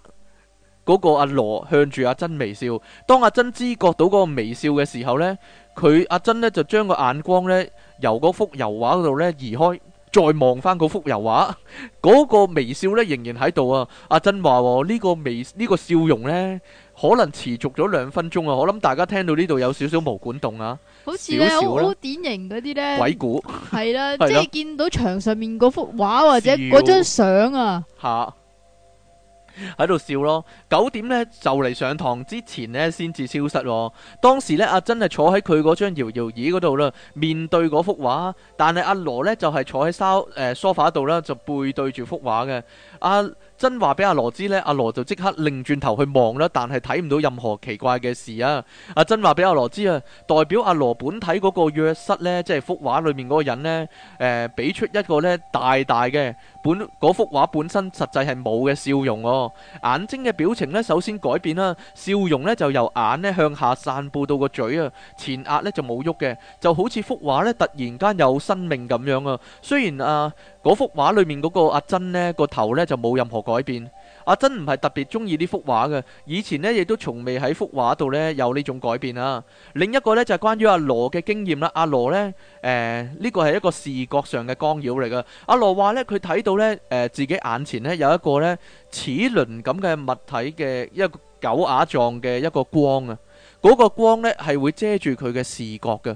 嗰、嗰個阿羅向住阿珍微笑。當阿珍知覺到嗰個微笑嘅時候咧，佢阿珍咧就將個眼光咧由嗰幅油畫嗰度咧移開，再望翻嗰幅油畫，嗰、嗰個微笑咧仍然喺度啊！阿珍話呢個微呢、呢個笑容咧可能持續咗兩分鐘啊！我諗大家聽到呢度有少少毛管動啊。好似咧，少少好，好典型嗰啲咧，鬼故係啦，即係見到牆上面嗰幅畫或者嗰張相啊，吓，喺、啊、度笑咯。九點咧就嚟上堂之前咧先至消失咯。當時咧阿珍係坐喺佢嗰張搖搖椅嗰度啦，面對嗰幅畫，但係阿羅咧就係坐喺沙誒梳化度啦，就是呃、背對住幅畫嘅阿。啊真話俾阿羅知呢，阿羅就即刻擰轉頭去望啦，但係睇唔到任何奇怪嘅事啊！阿珍話俾阿羅知啊，代表阿羅本體嗰個約室呢，即係幅畫裏面嗰個人呢，誒、呃、俾出一個呢大大嘅。本嗰幅畫本身實際係冇嘅笑容哦，眼睛嘅表情咧首先改變啦，笑容咧就由眼咧向下散布到個嘴啊，前額咧就冇喐嘅，就好似幅畫咧突然間有生命咁樣啊！雖然啊，嗰幅畫裏面嗰個阿珍呢個頭咧就冇任何改變。阿真唔係特別中意呢幅畫嘅，以前咧亦都從未喺幅畫度咧有呢種改變啦。另一個咧就係關於阿羅嘅經驗啦。阿羅咧，誒呢個係一個視覺上嘅干擾嚟噶。阿羅話咧，佢睇到咧，誒自己眼前咧有一個咧齒輪咁嘅物體嘅一個狗牙狀嘅一個光啊，嗰個光咧係會遮住佢嘅視覺嘅，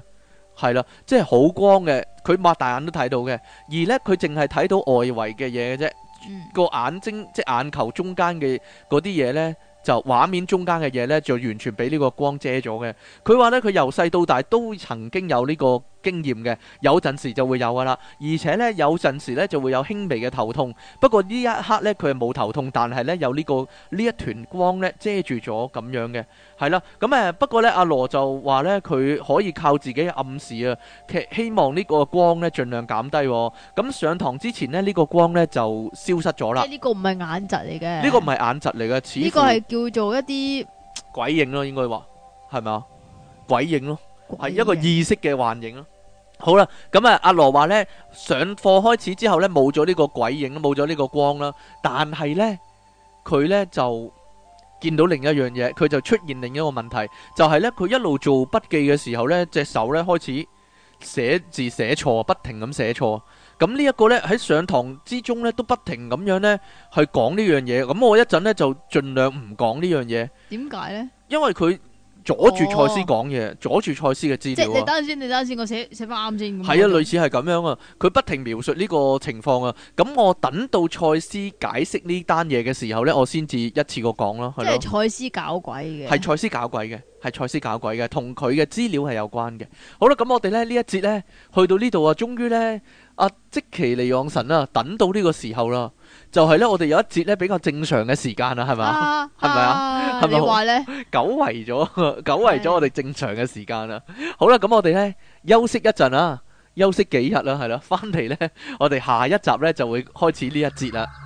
係啦，即係好光嘅，佢擘大眼都睇到嘅，而咧佢淨係睇到外圍嘅嘢嘅啫。個眼睛即眼球中間嘅嗰啲嘢呢，就畫面中間嘅嘢呢，就完全俾呢個光遮咗嘅。佢話呢，佢由細到大都曾經有呢個經驗嘅，有陣時就會有噶啦，而且咧有陣時咧就會有輕微嘅頭痛。不過呢一刻咧佢係冇頭痛，但係咧有、這個、呢個呢一團光咧遮住咗咁樣嘅，係啦。咁、嗯、誒，不過咧阿羅就話咧佢可以靠自己暗示啊，希望呢個光咧盡量減低、哦。咁、嗯、上堂之前咧呢、這個光咧就消失咗啦。呢個唔係眼疾嚟嘅，呢個唔係眼疾嚟嘅，似呢個係叫做一啲鬼影咯，應該話係咪啊？鬼影咯，係一個意識嘅幻影咯。好啦，咁、嗯、啊，阿羅話呢，上課開始之後呢，冇咗呢個鬼影，冇咗呢個光啦。但係呢，佢呢就見到另一樣嘢，佢就出現另一個問題，就係、是、呢，佢一路做筆記嘅時候隻呢，隻手呢開始寫字寫錯，不停咁寫錯。咁呢一個呢，喺上堂之中呢，都不停咁樣呢去講呢樣嘢。咁我一陣呢，就盡量唔講呢樣嘢。點解呢？因為佢。阻住蔡司講嘢，阻住蔡司嘅資料。即係你等陣先，你等陣先，我寫寫翻啱先。係啊，類似係咁樣啊。佢不停描述呢個情況啊。咁我等到蔡司解釋呢單嘢嘅時候咧，我先至一次過講咯，係咯。即係蔡司搞鬼嘅。係蔡司搞鬼嘅，係蔡司搞鬼嘅，同佢嘅資料係有關嘅。好啦，咁我哋咧呢一節咧去到呢度啊，終於咧阿即其利往神啊，等到呢個時候啦。就係咧，我哋有一節咧比較正常嘅時間啦，係咪？係咪啊？係咪好？久違咗，久違咗我哋正常嘅時間啦。的好啦，咁我哋咧休息一陣啦，休息幾日啦，係啦。翻嚟咧，我哋下一集咧就會開始呢一節啦。